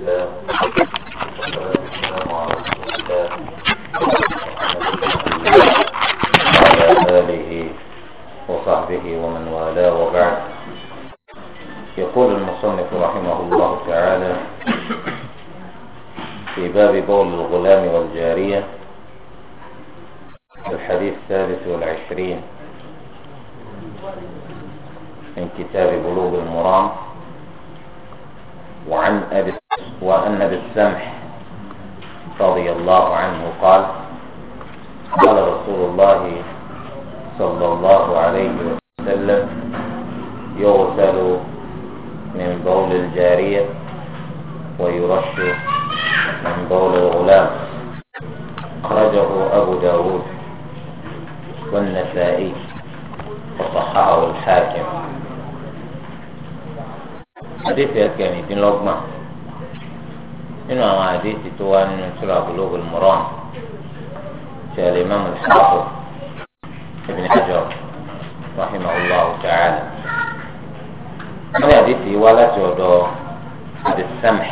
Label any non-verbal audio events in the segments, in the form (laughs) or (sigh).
الله والسلام على رسول الله وعلى آله وصحبه ومن والاه وبعد يقول المصنف رحمه الله تعالى في باب بول الغلام والجارية الحديث الثالث والعشرين سمح رضي الله عنه قال قال رسول الله صلى الله عليه وسلم يغسل من بول الجارية ويرش من بول الغلام أخرجه أبو داود والنسائي وصححه الحاكم حديث يتكلم في لقمه nínú àwọn àdéhìí tó wá nínú sura Bulughul Maram ṣe al-Imam al-Hafiz Ibn Hajar rahimahullahu ta'ala wọ́n yà àdéhìí wá láti ọ̀dọ̀ àdìsámẹ̀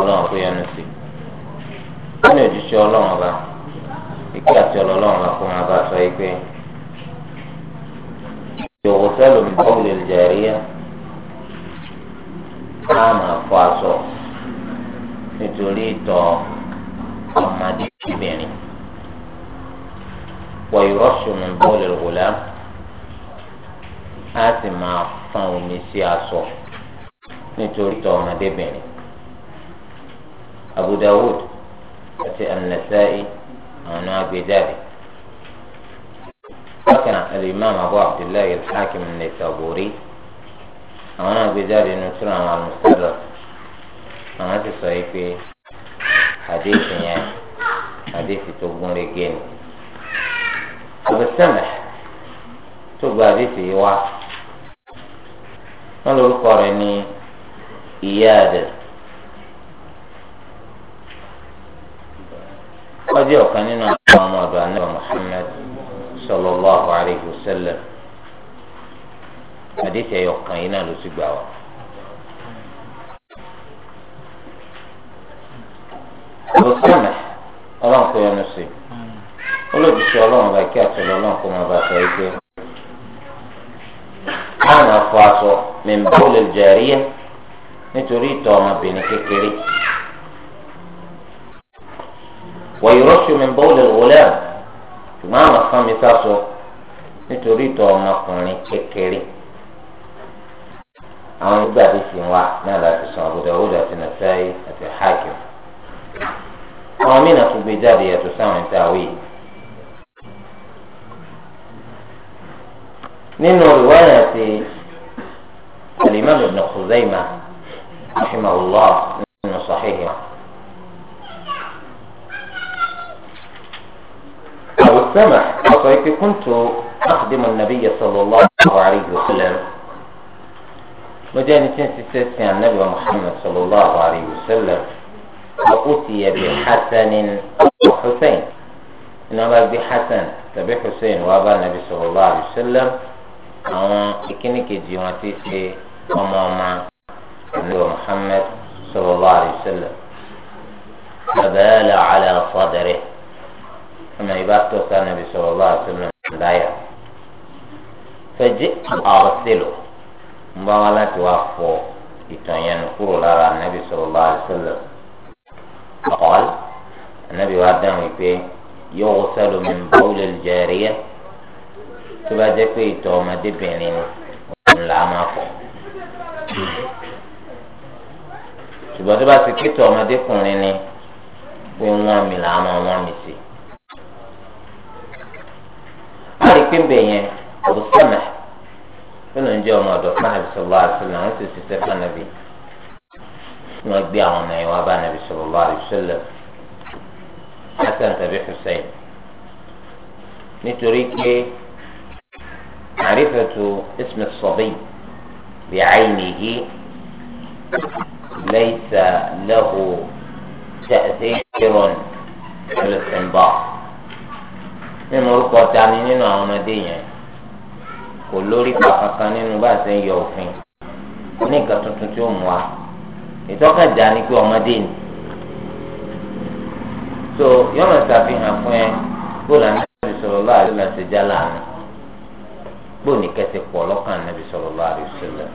ọlọ́run tó yẹnu sí wọ́n ní òjíṣẹ́ ọlọ́run ọba ìkí àti ọlọ́run ọba kó máa bá a sọ yìí pé yòówó sẹ́lùmí bọ́ọ̀lù ìjẹ́ríyà á máa fọ aṣọ. nítorí ìtọ̀ ọmọdé obìnrin wọ̀nyúrọ́sùn ní bọ́ọ̀lù ìrọ̀lá á sì máa fọn omi sí aṣọ nítorí ìtọ̀ ọmọdébìnrin Abu Dawud àti An-Nasa'i àwọn agbèjáde bákan al-Imam Abu Abdullahi al-Hakim an-Nisaburi àwọn agbèjáde nù tún àwọn sí. àwọn ti sọ yìí pé àdéhùn yẹn àdéhùn tó gún régé ni àbẹ̀sẹ̀mẹ̀ tó gba àdéhùn yìí wá wọn ní ìyá ọjọ́ ọ̀kan alayhi wa sallam àdéhùn ẹ̀yọ̀kan yìí náà ló ti ọlọ́sọ̀nà ọlọ́run kò yọnu sí olóòtútù bá kí àtúnlọ ọlọ́run kò máa bá sọ yìí pé káwọn afọ aṣọ mẹ́mbà ó lè jẹ̀rí ẹ̀ nítorí ìtọ̀ ọmọbìnrin kékeré wọ̀nyírọ́sù mẹ́mbà ó lè wọlé ẹ̀ ṣùgbọ́n àwọn afọ mi sásọ nítorí ìtọ̀ ọmọkùnrin kékeré àwọn ìgbàdí sì ń wá náà láti sàn àbúdá owó àti nàfẹ́ àti hákìrì. آمنة بدارية سامع تاويل من رواية الإمام ابن خزيمة رحمه الله من صحيح أو السمح فكيف كنت أخدم النبي صلى الله عليه وسلم مجانسين ستة النبي محمد صلى الله عليه وسلم وأتي بحسن وحسين إنما بحسن تبي حسين وأبا النبي صلى الله عليه وسلم أو إكنيكي جيواتي في وماما النبي محمد صلى الله عليه وسلم فبال على صدره كما يبقى النبي صلى الله عليه وسلم بايا فجئت أغسله مبالاتي وأخفو إتوين كورو على النبي صلى الله عليه وسلم قال النبي وعدنا يقول يغسل من بول الجارية تبقى جاكوي توما دبينين لا ما ṣùgbọ́n tó bá ti kéte ọmọdékùnrin ni pé wọ́n mi là á máa wọ́n mi sí. a rí pé bẹ́ẹ̀ yẹn ọ̀bùsọ̀nà tó ló ń jẹ́ ọmọ ọ̀dọ̀ fún àbísọ̀lá àti ìlànà tó ti ṣiṣẹ́ fún ànábì ni wọ́n gbé àwọn ọmọ yẹn wá bá nàbì sallallahu alaihi wasallam Hasan tàbí Hussein nítorí pé àrífẹ̀tù ismi as-sabi bi'aynihi laysa lahu ta'thirun fil istinbat nínú orúkọ tani nínú àwọn ọmọdé yẹn kò lórí kankan nínú bá a ṣe ń yọ òfin oníkan tuntun tí ó mú wa. ìtọ́kàjà ni pé ọmọdé ni so yọmọ ṣàfihàn fún ẹ bóòlù anábì sallallahu alaihi wasallam ṣe já láàánú bóòlù kẹsì pọ̀ lọ́kàn anábì sallallahu alaihi wasallam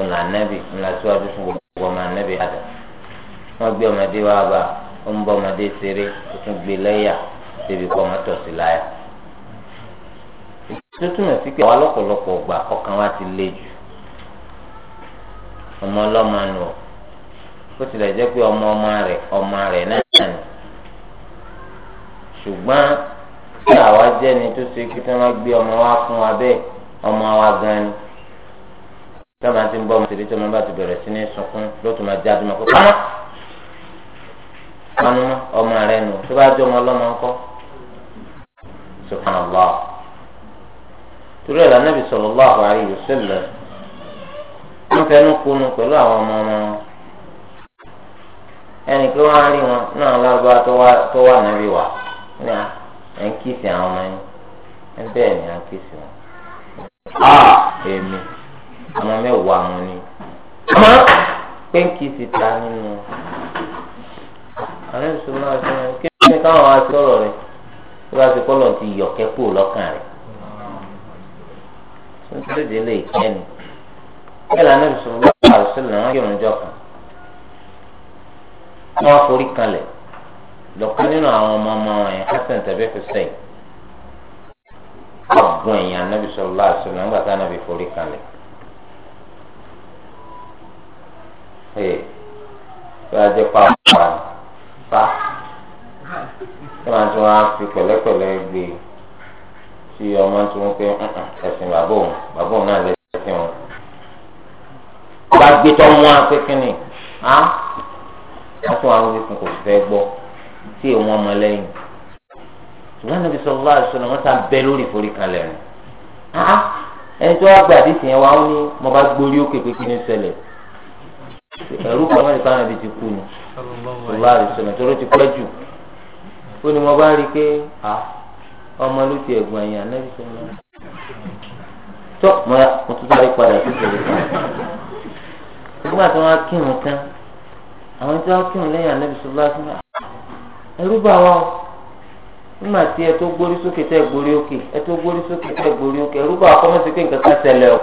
ńlá anábì ńlá síwájú fún gbogbo ọmọ wọn gbé ọmọdé wá bá ó ń bọ ọmọdé ṣeré ó tún gbé lẹ́yà débi kọ́ ọmọ tọ̀sí láyà tó túmọ̀ sí pé ti le ọmọ ọlọ́mọ nù ọ́ ó tilẹ̀ jẹ́ pé ọmọ ọmọ rẹ̀ ọmọ rẹ̀ náà nù ṣùgbọ́n tí àwa jẹ́ni tó ṣe kí tí wọ́n gbé ọmọ wa fún wa bẹ́ẹ̀ ọmọ wa gan ni tọ́ba ti ń bọ́ ọmọ tèmi tí ọmọ bá ti bẹ̀rẹ̀ sí ní sunkún ló tún máa já tó kó pamọ́ pamọ́ ọmọ rẹ̀ nù tó bá jọ ọmọ ọlọ́mọ ńkọ́ subhanallah torí ẹ̀ lànà Ànábì sallallahu alaihi wasallam wọ́n fẹnu kunu pẹ̀lú àwọn ọmọ ọmọ wọn ẹnì kí wọ́n á rí wọn náà lárúbá tó wà nàbí wà ní à ẹ̀ ń kíìsì àwọn ọmọ yín ẹ bẹ́ẹ̀ ni à ń kíìsì wọn. èmi ọmọ mẹ́wàá wọn ni pé ń kíìsì ta nínú àwọn ìṣòro náà ṣe wọn kí ni káwọn wá sí ọ̀rọ̀ rẹ̀ tí wọ́n á ti kọ́ lọ́n yọ̀kẹ́ kúrò lọ́kàn rẹ̀. nítorí délé ìkẹ́ni bẹ́ẹ̀ lànà ìṣòro lọ́wọ́ àwòsílẹ̀ wọn kírun jọ kan wọn forí kanlẹ̀ lọ́kàn nínú àwọn ọmọ ọmọ wọn yẹn Hasan tàbí Hussein ọ̀gbọ́n ẹ̀yìn anábì sọ̀rọ̀ lọ́wọ́ àwòsílẹ̀ wọn gbàtà anábì forí kanlẹ̀. ee bí a jẹ́ pa ọ̀pá bá kí wọ́n ti wọ́n á fi pẹ̀lẹ́pẹ̀lẹ́ gbé e? tí ọmọ tí wọ́n pé ẹ̀sìn bàbá òun bàbá òun náà lè ṣe fún wọn ọba gbé tọ́ wọn akékinni á wọ́n tún àwọn oníkun kò fẹ́ gbọ́ tí èèwọ̀n ọmọ lẹ́yìn ṣùgbọ́n níbi sọ fúlá àṣọ náà wọ́n sá bẹ́ lórí ìforí kan lẹ́nu á ẹni tó wá gba àdìsí yẹn wá ó ní mo bá gbórí òkè pé kí ni ṣẹlẹ̀ ẹ̀rú kan wọ́n ti ká nàbí ti kú ni fúlá àṣọ tó ló ti pẹ́ jù ó ní mo bá rí i pé ọmọ ló ti ẹ̀gbọ́n ẹ̀yìn ànábìsọ̀ náà tó mo tún sáré padà sí ìṣẹ̀lẹ̀ kan. nígbà tí wọ́n á kírun tán àwọn tí wọ́n kírun lẹ́yìn ànábì sọlá sí náà ẹrú bá wa o nígbà tí ẹ tó gbórí sókè tẹ gbórí òkè ẹ tó gbórí sókè tẹ gbórí òkè ẹrú bá wa kọ́ mọ́sí pé nǹkan kan ṣẹlẹ̀ o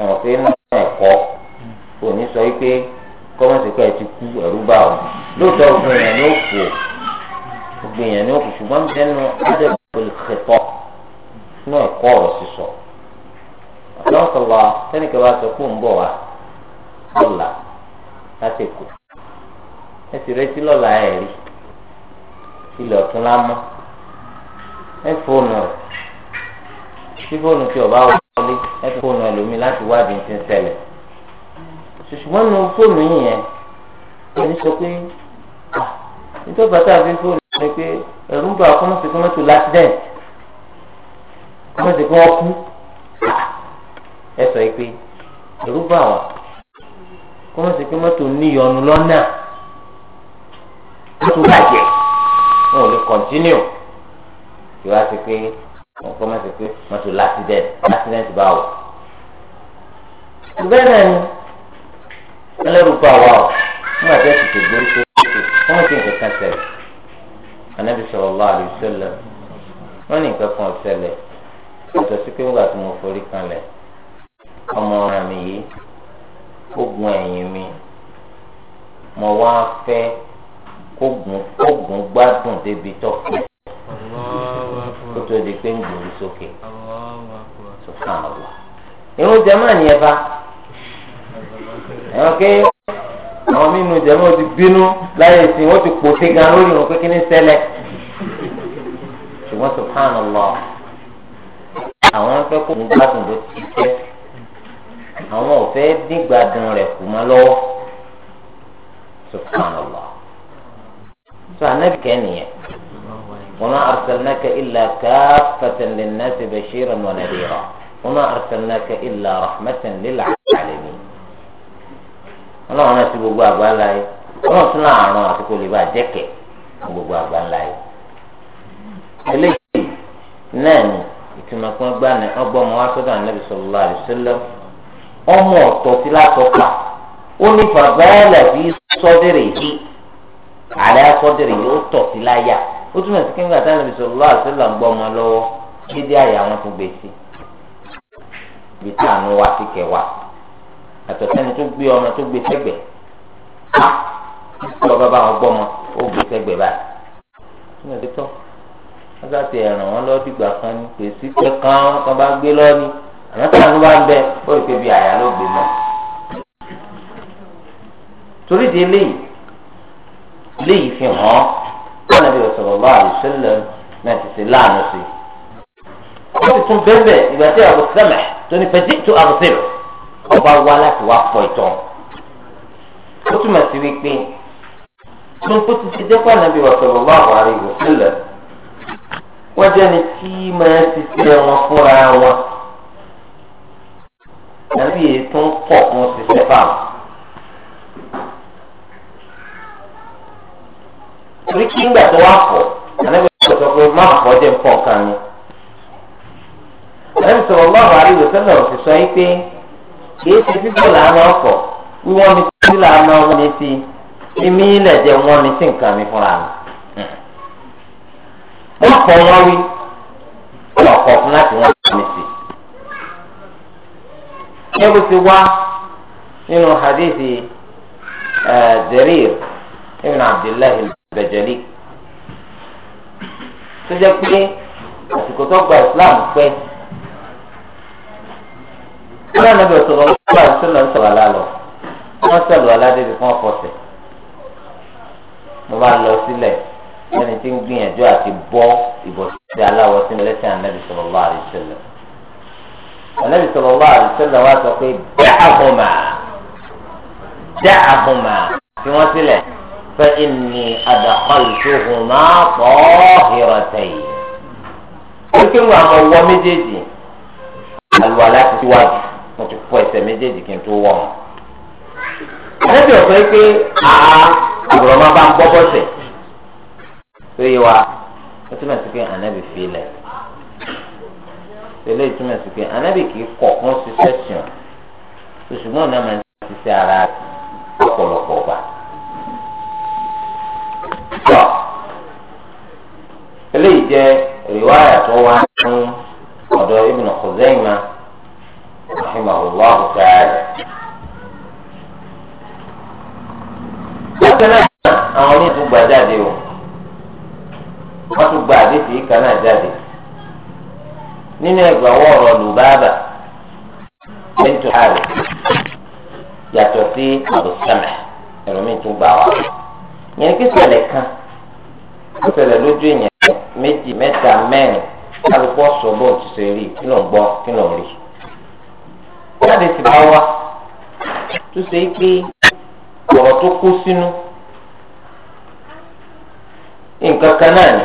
ẹ̀wọ̀n pé náà ẹ̀kọ́ kò ní sọ wípé kọ́ pé ẹ ti kú ẹrú o lóòótọ́ ní òkú ní lọ́la láti kù ẹ sì retí lọ́la ẹ̀ rí ilẹ̀ ọ̀tún lámọ́ ẹ fóònù rẹ̀ tí fóònù tí ọba wọlé ẹ fóònù ẹlòmíì láti wádìí ti ń ṣẹlẹ̀ ṣùṣùgbọ́n nu fóònù yìí yẹn ẹni sọ pé nítorí bàtà fi fóònù ni pé ẹ̀rù ń bọ̀ àkọ́mọ́sí fún mọ́tò lásìdẹ̀ǹtì àkọ́mọ́sí fún ọkú ẹ sọ pé ẹ̀rù bà wọ́n wọ́n sì pé mọ́tò níyọnu lọ́nà mọ́tò bàjẹ́ wọn ò lè kọ́ntínú kí wọ́n á sì pé wọn kọ́ mọ́tò pé mọ́tò l'accident l'accident báwò. bẹ́ẹ̀ náà ni ẹlẹ́rù bá wa ọ̀ nígbà tí ẹ ti tètè gbórí tó tó wọ́n ti nǹkan kan ṣẹlẹ̀ Ànábì sallallahu alaihi wasallam wọ́n ní nǹkan kan ṣẹlẹ̀ ọ̀sẹ̀ sí pé wọ́n gbà tó mo forí kan lẹ̀ ọmọ ọ̀ràn mi yìí kó gun ẹ̀yìn mi mo wá fẹ́ kó gun kó gun gbádùn débi tó pé kó tó di pé ń gbòòrò sókè subhanallah irun jama ni ẹ bá ẹ ké àwọn mímu jama ti bínú láyé sí wọn ti pòté gan lórí irun pé kí ni ṣẹlẹ̀ ṣùgbọ́n subhanallah àwọn fẹ́ kó gun gbádùn ló ti fẹ́ àwọn ò fẹ́ dígbàdùn rẹ̀ kù mọ́ lọ́wọ́ subhanallah so anabi kẹ́niyẹn wa ma arsalnaka illa kaffatan linnasi bashiran wa nadira wa ma arsalnaka illa rahmatan lil alamin ọlọ́run náà ti gbogbo àgbà ńlá yìí ọlọ́run tún náà àrùn àti kò lè bá jẹ́kẹ̀ gbogbo àgbà ńlá yìí eléyìí náà ni ìtumọ̀ pé gbà ní ọgbọ́n ọmọ wa sọ́dọ̀ anabi sallallahu alaihi ọmọ ọ̀tọ̀ sí látọpa ó ní fàbáyàlà bí sọdẹrẹ yìí àlẹ sọdẹrẹ yìí ó tọ̀ sí láyà ó túmọ̀ sí kíńgbà táwọn ẹbí sọ̀rọ̀ lọ́wọ́ àti lọ́ngbọ́ ọmọ lọ́wọ́ dídí àyà wọn tún gbé sí bí táànù wá sí kẹwàá àtọ̀sẹ́ni tó gbé ọmọ tó gbé sẹ́gbẹ̀ á tí ọba bá wọn gbọ́ ọmọ ó gbé sẹ́gbẹ̀ báyìí túmọ̀ sí tọ́ wọ́n sá ti ẹ̀ràn wọn lọ́ọ́ dìgbà kan ní pèsè kẹ́kàn kan bá gbé lọ́ọ́ ni àmọ́ tí àwọn tó bá ń bẹ ó rí pé bí àyà ló gbé mọ́ torí di eléyìí eléyìí fi hàn án nàbí sallallahu alaihi wasallam náà ti ṣe láàánú sí i ó sì tún bẹ́ẹ̀ ìgbà tí Abu Samah tó ní pẹ̀tí tó àbùsẹ̀ ọba wá láti wá pọ̀ ìtàn ó túmọ̀ sí wípé tó kó ti ti dẹ́kọ̀ nàbí sallallahu alaihi wasallam wọ́n jẹ́ tí máa ti ṣe wọn fúnra wọn. tàbí èyí tó ń pọ̀ fún ṣiṣẹ́ báwọn. torí kí ńgbà tó wà pọ̀ ànábì sọ pé má pọ̀ jẹ́ nǹkan kan ni. ànábì sọ̀rọ̀ lọ́wọ́ àríwò sẹ́lẹ̀ ọ̀sẹ̀ sọ yín pé kì í ṣe bíbọ̀ làánà ọkọ̀ wíwọ́n mi sí làánà wọn ni ti mímí ilẹ̀ jẹ́ wọn ni sí nǹkan mi fúnra mi. wọ́n kọ́ wọn wí ọ̀kọ̀ fún láti wọ́n ẹrù ti wá nínú hadithi Jarir ibn Abdullah al-Bajali tó jẹ́ pé àsìkò tó gba Islam pẹ́ kúrò níbi òṣèlú ọlọ́pàá àti sọlọ ń sọ̀rọ̀ alálọ wọ́n sọ̀rọ̀ aládébí fún ọ̀pọ̀sẹ̀ mo bá lọ sílẹ̀ ẹni tí ń gbìyànjú àti bọ́ ìbọ̀sẹ̀ aláwọ̀ sínú lẹ́sẹ̀ ànábì sọ̀rọ̀ lọ́wọ́ àdìsẹ́lẹ̀ anabi sallallahu alaihi wasallam wa sọ pé dáhùnmá dáhùnmá fi wọ́n sílẹ̀ fa inni adkhaltuhuma tahiratayn. ó kéwòn àwọn ọwọ́ méjèèjì àlùwàlá ti wájú mo ti kó ẹsẹ̀ méjèèjì kí n tó wọ̀ wọn. anabi ọ̀sẹ̀ pé àá àbùrọ̀ bá ń bọ́ bọ́sẹ̀ tó yẹ wa ó túmọ̀ sí pé anabi fi lẹ̀ tẹ́lẹ̀ ìtumọ̀ sí pé anábì kì í kọ̀ fún ṣiṣẹ́ sùn ṣùgbọ́n náà máa ń ṣiṣẹ́ ara ọ̀pọ̀lọpọ̀ ọba. eléyìí jẹ́ rìwáyà tó wá fún ọ̀dọ̀ Ibn Khuzaimah rahimahullah ta'ala. bákan náà àwọn onídùúgbà jáde o wọ́n tún gba àdéhùn yìí kan náà jáde nínú ẹgbàwọ ọ̀rọ̀ lùbáàbà bẹntù hàrì yàtọ̀ sí àbùsàmẹ ẹlòmíì tún gbà wá yẹn kí ṣẹlẹ̀ kan ó ṣẹlẹ̀ lójú èèyàn méjì mẹ́ta mẹ́rin kálukú ọsọ bóun ti ṣe rí kí ló ń gbọ́ kí ló ń rí jáde sì bá wá tó ṣe pé ọ̀rọ̀ tó kú sínú nǹkan kan náà ni.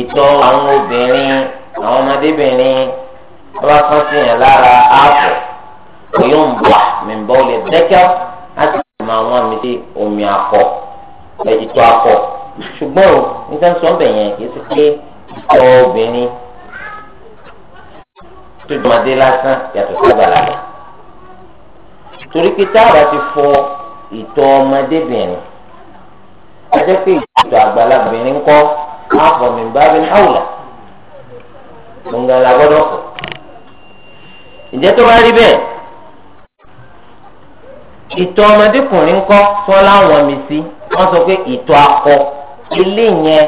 ìtọ̀ àwọn obìnrin àwọn ọmọdébìnrin tó bá kán sí yẹn lára ààbò oyún ń bọ̀ mìíràn ó lè dẹ́kẹ́ láti mọ àwọn àmì sí omi akọ ìtọ̀ akọ ṣùgbọ́n o nígbà tí wọ́n bẹ̀ yẹn kì í sí pé ìtọ̀ obìnrin tó jọmọdé lásán yàtọ̀ sábàlá torí pé táàbà ti fọ ìtọ̀ ọmọdébìnrin a jẹ́ pé ìtọ̀ àgbàlagbìnrin kọ́ wọn fọ mi bá mi hàwùlà gbọ̀ngàn la gbọ́dọ̀ kọ̀ ìjẹ́ tó bá rí bẹ́ẹ̀ ìtọ̀ ọmọdékùnrin kọ́ tí wọ́n láwọn mi sí wọ́n sọ pé ìtọ̀ akọ ilé yẹn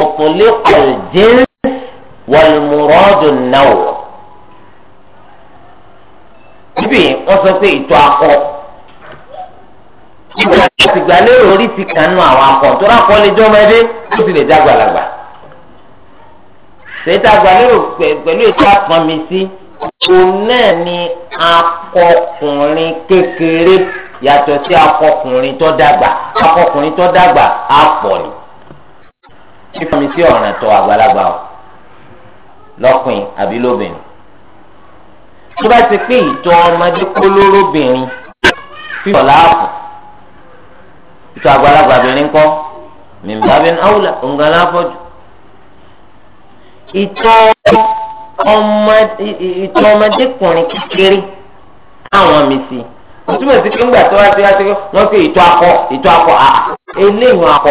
ọ̀pọ̀lẹ́ ọ̀jẹ́rì wàlùmùrọ́dù náwó níbi wọ́n sọ pé ìtọ̀ akọ ìgbà tí a ti gbà lérò orí ti kàn nù àwọn akọ tó rákọ lè jọ ọmọdé ó sì lè dá gbàlagbà ṣètà gbà lérò pẹ̀lú ètò àpọnmi sí òun náà ni akọkùnrin kékeré yàtọ̀ sí akọkùnrin tó dàgbà akọkùnrin tó dàgbà àpọ̀ ni fífọmi sí ọ̀ràn tó àgbàlagbà o lọ́kùnrin àbí lóbìnrin tó bá ti pé ìtọ́ ọmọdé kó lóróbìnrin fífọ̀ láàpù ìtọ́ àgbàlagbà bìnrin kọ́ mìmbábìn áwùlà òǹgàlà afọ́jú. ìtọ́ ọmọdékùnrin kékeré àwọn mi sí o túmọ̀ sí pé ńgbà tó wá sí wá sí wọ́n fi ìtọ́ akọ ìtọ́ akọ à eléyìí akọ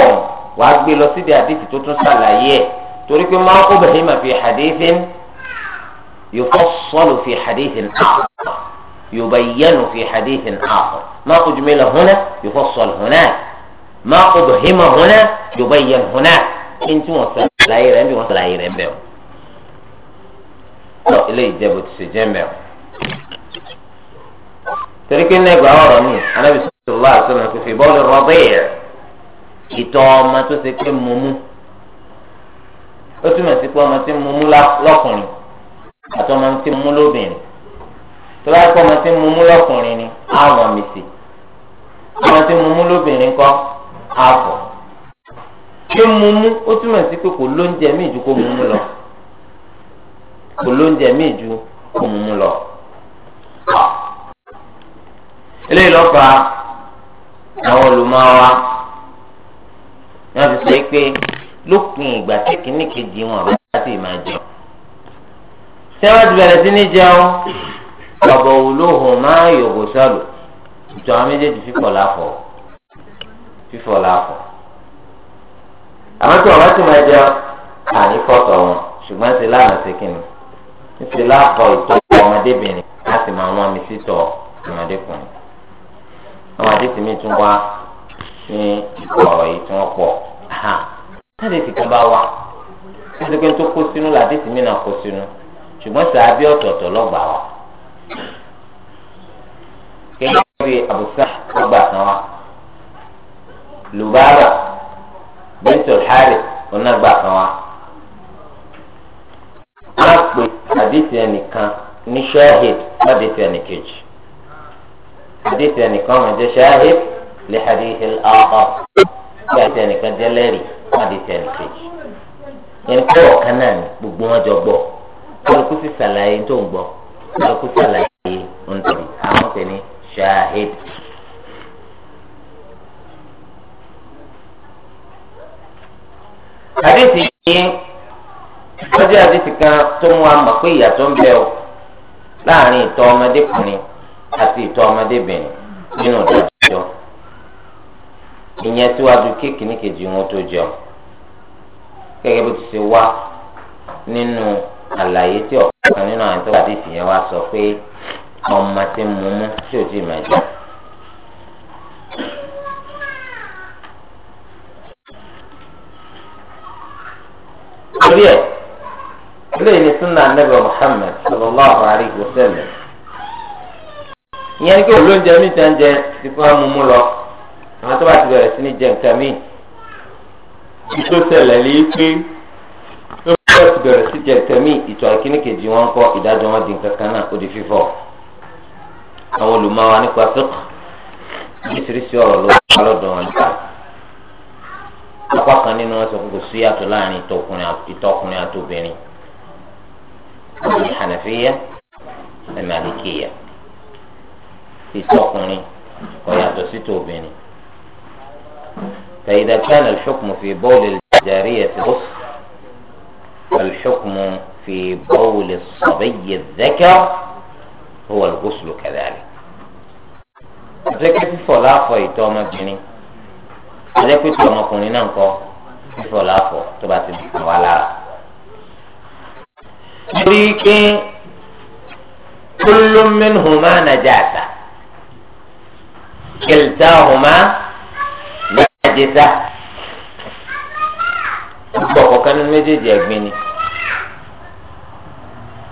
wàá gbé lọ síbi àdìsí tó tún ṣàlàyé ẹ̀ torí pé máa kó bẹ̀rẹ̀ mà fi hadithin yufassalu fi hadithin akhar yubayyanu fi hadithin akhar ma ujmila huna yufassal hunaka má ọdọ hímọ hùnà jọba ìyẹ hùnà kí n tí wọn sàlàyé rẹ ń bí wọn sàlàyé rẹ ń bẹ o. lọ ilé ìjẹ́bù ti ṣe jẹ́ ń bẹ o. torí pé nẹ́gbàá ọ̀rọ̀ mi anábì sọ̀rọ̀ àti sọ̀rọ̀ kò fi bọ́ọ̀lù rọ́bì ìtọ̀ ọmọ tó ṣe pé mo mú ó túmọ̀ sí pé ọmọ tí mo mú àti ọmọ tí mo lóbìnrin tó bá pọ̀ ọmọ tí mo mú ni àwọn mi sì ọmọ tí mo lóbìnrin kọ́. àpọ̀ ṣé mumu ó túmọ̀ sí pé kò lóúnjẹ míì ju kó mumu lọ kò lóúnjẹ míì ju kó mumu lọ. eléyìí ló fa àwọn olùmọ̀wá wọ́n ti sọ pé lópin ìgbà tí kìíní kejì wọn àbá láti máa jẹun. tí wọ́n ti bẹ̀rẹ̀ sí ní jẹun ọ̀bọ̀ òwúlò hàn máa yògò sọ̀rọ̀ ìtọ́ àwọn méjèèjì fi pọ̀ láfọ̀ọ́. fífọ̀ làkọ̀ àmọ́ tí wọ́n bá ti máa jẹun àní fọ́tọ̀ wọn ṣùgbọ́n ti láàmú sí kìnnì níṣẹ́ láàkọ̀ ìtọ́ ọmọdébìnrin láti máa wọ́n mi sítọ̀ ọmọdékùnrin àwọn àdéhùn mi tún wá ní ọ̀rọ̀ yìí tí wọ́n pọ̀ táde ti kan bá wá títí pé tó kó sínú làdéhùn mi náà kó sínú ṣùgbọ́n sàábí ọ̀tọ̀ọ̀tọ̀ lọ́gbàá wa. gẹ́gẹ́ bí àbùsà lọ́gbàá kan wá lubaba bẹ́ntòl hàrì onágbà kan wa. wọ́n pè àdìsí ẹnìkan ní ṣáhìd àdìsí ẹnìkejì àdìsí ẹnìkan wọn jẹ́ ṣáhìd lè àdìsí ọ̀ọ́ kí àdìsí ẹnìkan jẹ́ lẹ́rìí àdìsí ẹnìkejì. yẹn kọ́ ọ̀kan náà ni gbogbo wọn jọ gbọ́ kálukú sì ṣàlàyé tó ń gbọ́ kálukú ṣàlàyé ń tẹ̀lé àwọn tẹ̀lé ṣáhìd. àdéhùn yìí wọ́n jẹ́ àdéhùn kan tó mú wa mọ̀ pé ìyàtọ̀ ń bẹ láàrin ìtọ̀ ọmọdékùnrin àti ọmọdébìnrin nínú ìdájọ́ ìyẹn kéèkì ní kejì wọn tó jẹun gẹ́gẹ́ bó ti ṣe wá nínú àlàyé tí ọ̀kan nínú àwọn tó wà dé wá sọ pé ọmọ ti mú mú tí ò tí ì máa torí ẹ̀ eléyìí ni sunna anabi muhammed sallallahu alayhi wa sallam ìyẹn kí olóúnjẹ mi jẹ ti lọ àwọn tó bá ti bẹ̀rẹ̀ sí ní jẹ nǹkan mi ìtò ṣẹlẹ̀ lè pé tó bá ti bẹ̀rẹ̀ sí jẹ nǹkan mi ìtò kejì wọn kọ ìdájọ́ wọn di nǹkan kan náà ó di fífọ́ àwọn apá kan nínú wọn sọ pé kò sí yàtọ̀ láàrin ìtọkùnrin àtòbìnrin hànàfíyà ẹ̀màlìkìyà ìtọkùnrin kò yàtọ̀ sí to obinrin tòbìnrin. فإذا كان الحكم في بول الجارية غسل فالحكم في بول الصبي الذكر هو الغسل كذلك. ذكر في فلاح فيتوما جنين àjẹ́ pé tí ọmọkùnrin náà ń kọ́ fífọ̀ láàfọ̀ tó bá ti dùn wá lára. nítorí pé kullu minhuma najasa kiltahuma najasa gbogbo ọ̀kọ̀ọ̀kan nínú méjèèjì ẹ̀gbin ni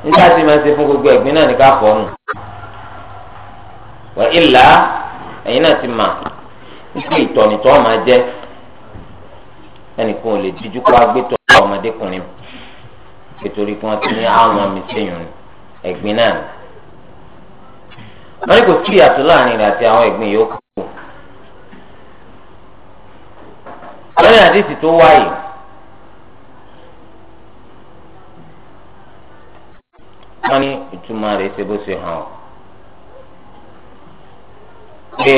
nígbà tí màá ṣe fún gbogbo ẹ̀gbin náà ní ká fọ́ nù wọ́n ìlà ẹ̀yin náà ti mà pípé ìtọ́ni tó máa jẹ́ ẹnìkan ò lè díjú kó agbétọ́ ọmọdékùnrin nítorí kí wọ́n ti ní àwọn mi séyùn ẹ̀gbin náà wọ́n ní kò sí ìyàtọ̀ láàrin rẹ̀ àti àwọn ẹ̀gbin yòókù. lẹ́yìn àdìsí tó wáyé wọ́n ní ìtumọ̀ rẹ̀ ṣe bó ṣe hàn ọ́ pé.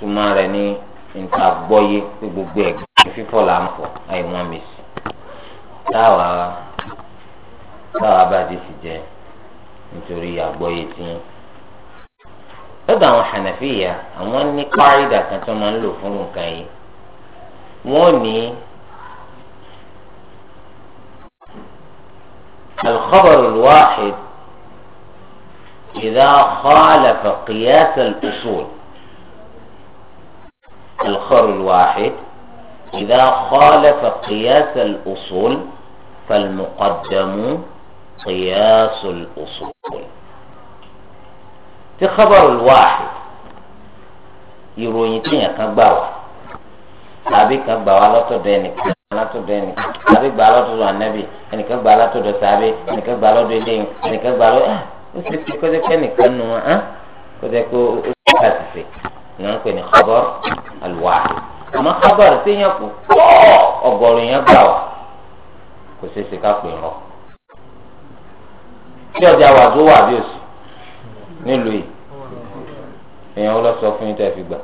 ìtumọ̀ rẹ̀ ní nǹkan àgbọ́yé pé gbogbo ẹ̀gbẹ́ fífọ̀ là ń fọ̀ àìwọ́n mi sí táwa táwa bá di sì jẹ nítorí àgbọ́yé tí ń. lọ́dọ̀ àwọn Hànàfíyà àwọn ní kárìdà kan tó máa ń lò fún nǹkan yìí wọ́n ní الخبر الواحد إذا خالف قياس الأصول الخر الواحد إذا خالف قياس الأصول فالمقدم قياس الأصول في خبر الواحد ìròyìn tí yẹn kan gbà wá tàbí kan gbà wá lọ́tọ̀dọ̀ ẹnìkan látọ̀dọ̀ ẹnìkan tàbí gbà lọ́tọ̀dọ̀ ànábì ẹnìkan gbà látọ̀dọ̀ tàbí ẹnìkan gbà lọ́dọ̀ eléyìí ẹnìkan gbà lọ́dọ̀ ó sì ti kọ́jọ́ pé ẹnìkan nù wọ́n á kọ́jọ́ pé ó sì kà sí fèé. ìyẹn ń pè ní khabar al-wahid àmọ́ khabar tí yẹn kú ọgọ́rùn yẹn gbà wá kò ṣeé ṣe ká pè rán tí ọjà wà tó wà bí òsì nílùú yìí èèyàn ó lọ sọ fún yín tẹ́ fi gbà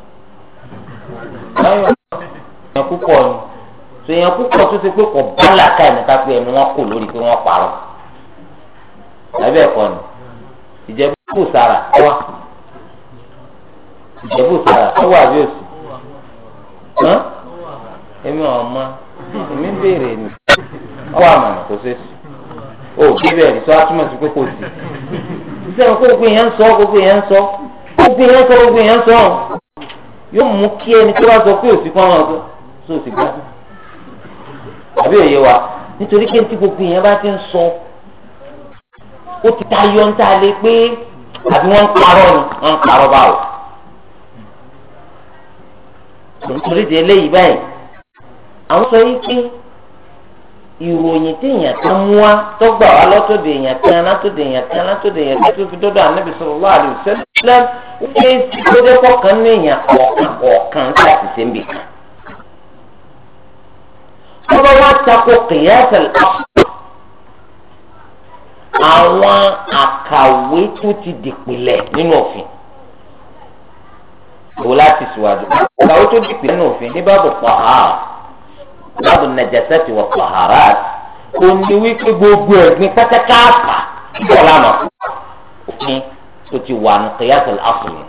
èèyàn púpọ̀ ni so èèyàn púpọ̀ tó ti pé kò bá làákàyè ní pé ẹnu wọn kò lórí pé wọ́n parọ́ tàbí ẹ̀kọ́ ni ìjẹ́bú kù sára wá ìjẹ̀bú sara ó wà bí òsì hàn èmi ọ̀ma èmi ń béèrè ni ó wà mọ̀nà kò ṣe sí o kí bẹ́ẹ̀ ní sọ atúmọ̀ sí pé kò sí iṣẹ́ wọn kó gbogbo èèyàn ń sọ gbogbo èèyàn ń sọ gbogbo èèyàn ń sọ gbogbo èèyàn ń sọ yóò mú kí ẹni tó bá sọ pé òsì kan náà sọ òsì gbá àbí òye wa nítorí pé tí gbogbo èèyàn bá ti ń sọ ó ti tayọ ń ta lé pé àbí wọ́n ń parọ́ ni wọ́n ń parọ́ báwo nítorí di eléyìí báyìí àwọn sọ yìí pé ìròyìn tí èèyàn kan mú wá tó gbà wá lọ́tọ̀dọ̀ èèyàn kan látọ̀dọ̀ èèyàn kan látọ̀dọ̀ èèyàn kan tó fi dọ́dọ̀ ànábì sallallahu alaihi wasallam ó ṣe é ti tó dé kọ̀ọ̀kan ní èèyàn kọ̀ọ̀kan kọ̀ọ̀kan tí a sì ṣe ń bì kan. tọ́lọ́ wá tako kìyàsẹ̀ lọ́sọ̀ àwọn àkàwé tó ti dìpìlẹ̀ nínú òfin owó láti síwájú ìgbàwó tó di pé nínú òfin ní báàbò pàhárà báàbò nàjàsá ti wọ pàhárà ó ní wípé gbogbo ẹ̀gbin pátákáàpà bọ̀ lánàá òfin tó ti wà ní kẹyàtọ̀ àfọ̀yìn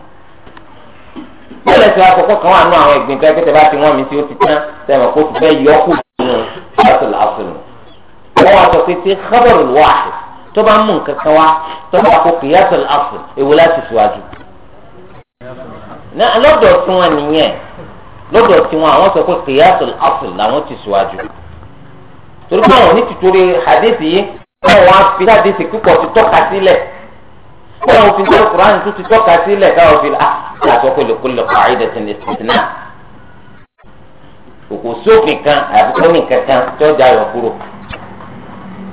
tẹ́lẹ̀sì àkọ́kọ́ kan wà nù àwọn ìgbìn kan pété bá ti wọ́n mi tí ó ti tán sẹ́wọ̀n kó fẹ́ yọ kù nínú ṣáàtùl àfẹ́nu. wọ́n wá sọ pé tí khabar wahid tó bá mú nǹkan kan wá tó bá kó kìyàtùl àfẹ́nu náà lọ́dọ̀ tí wọ́n nìyẹn lọ́dọ̀ tí wọ́n àwọn sọ pé kìyàtọ̀ asùn làwọn ti ṣíwájú torí pé àwọn onítìtúrí hadith yìí báwọn wọn fi hadith púpọ̀ ti tọ́ka sílẹ̀ báwọn fi sọ Kùránì tó ti tọ́ka sílẹ̀ káwọn fi àṣọ ah, pé lèkúlẹ̀ qa'idatun istisna kòkò sófin kan àti kọ́mì kankan tó jayọ̀ kúrò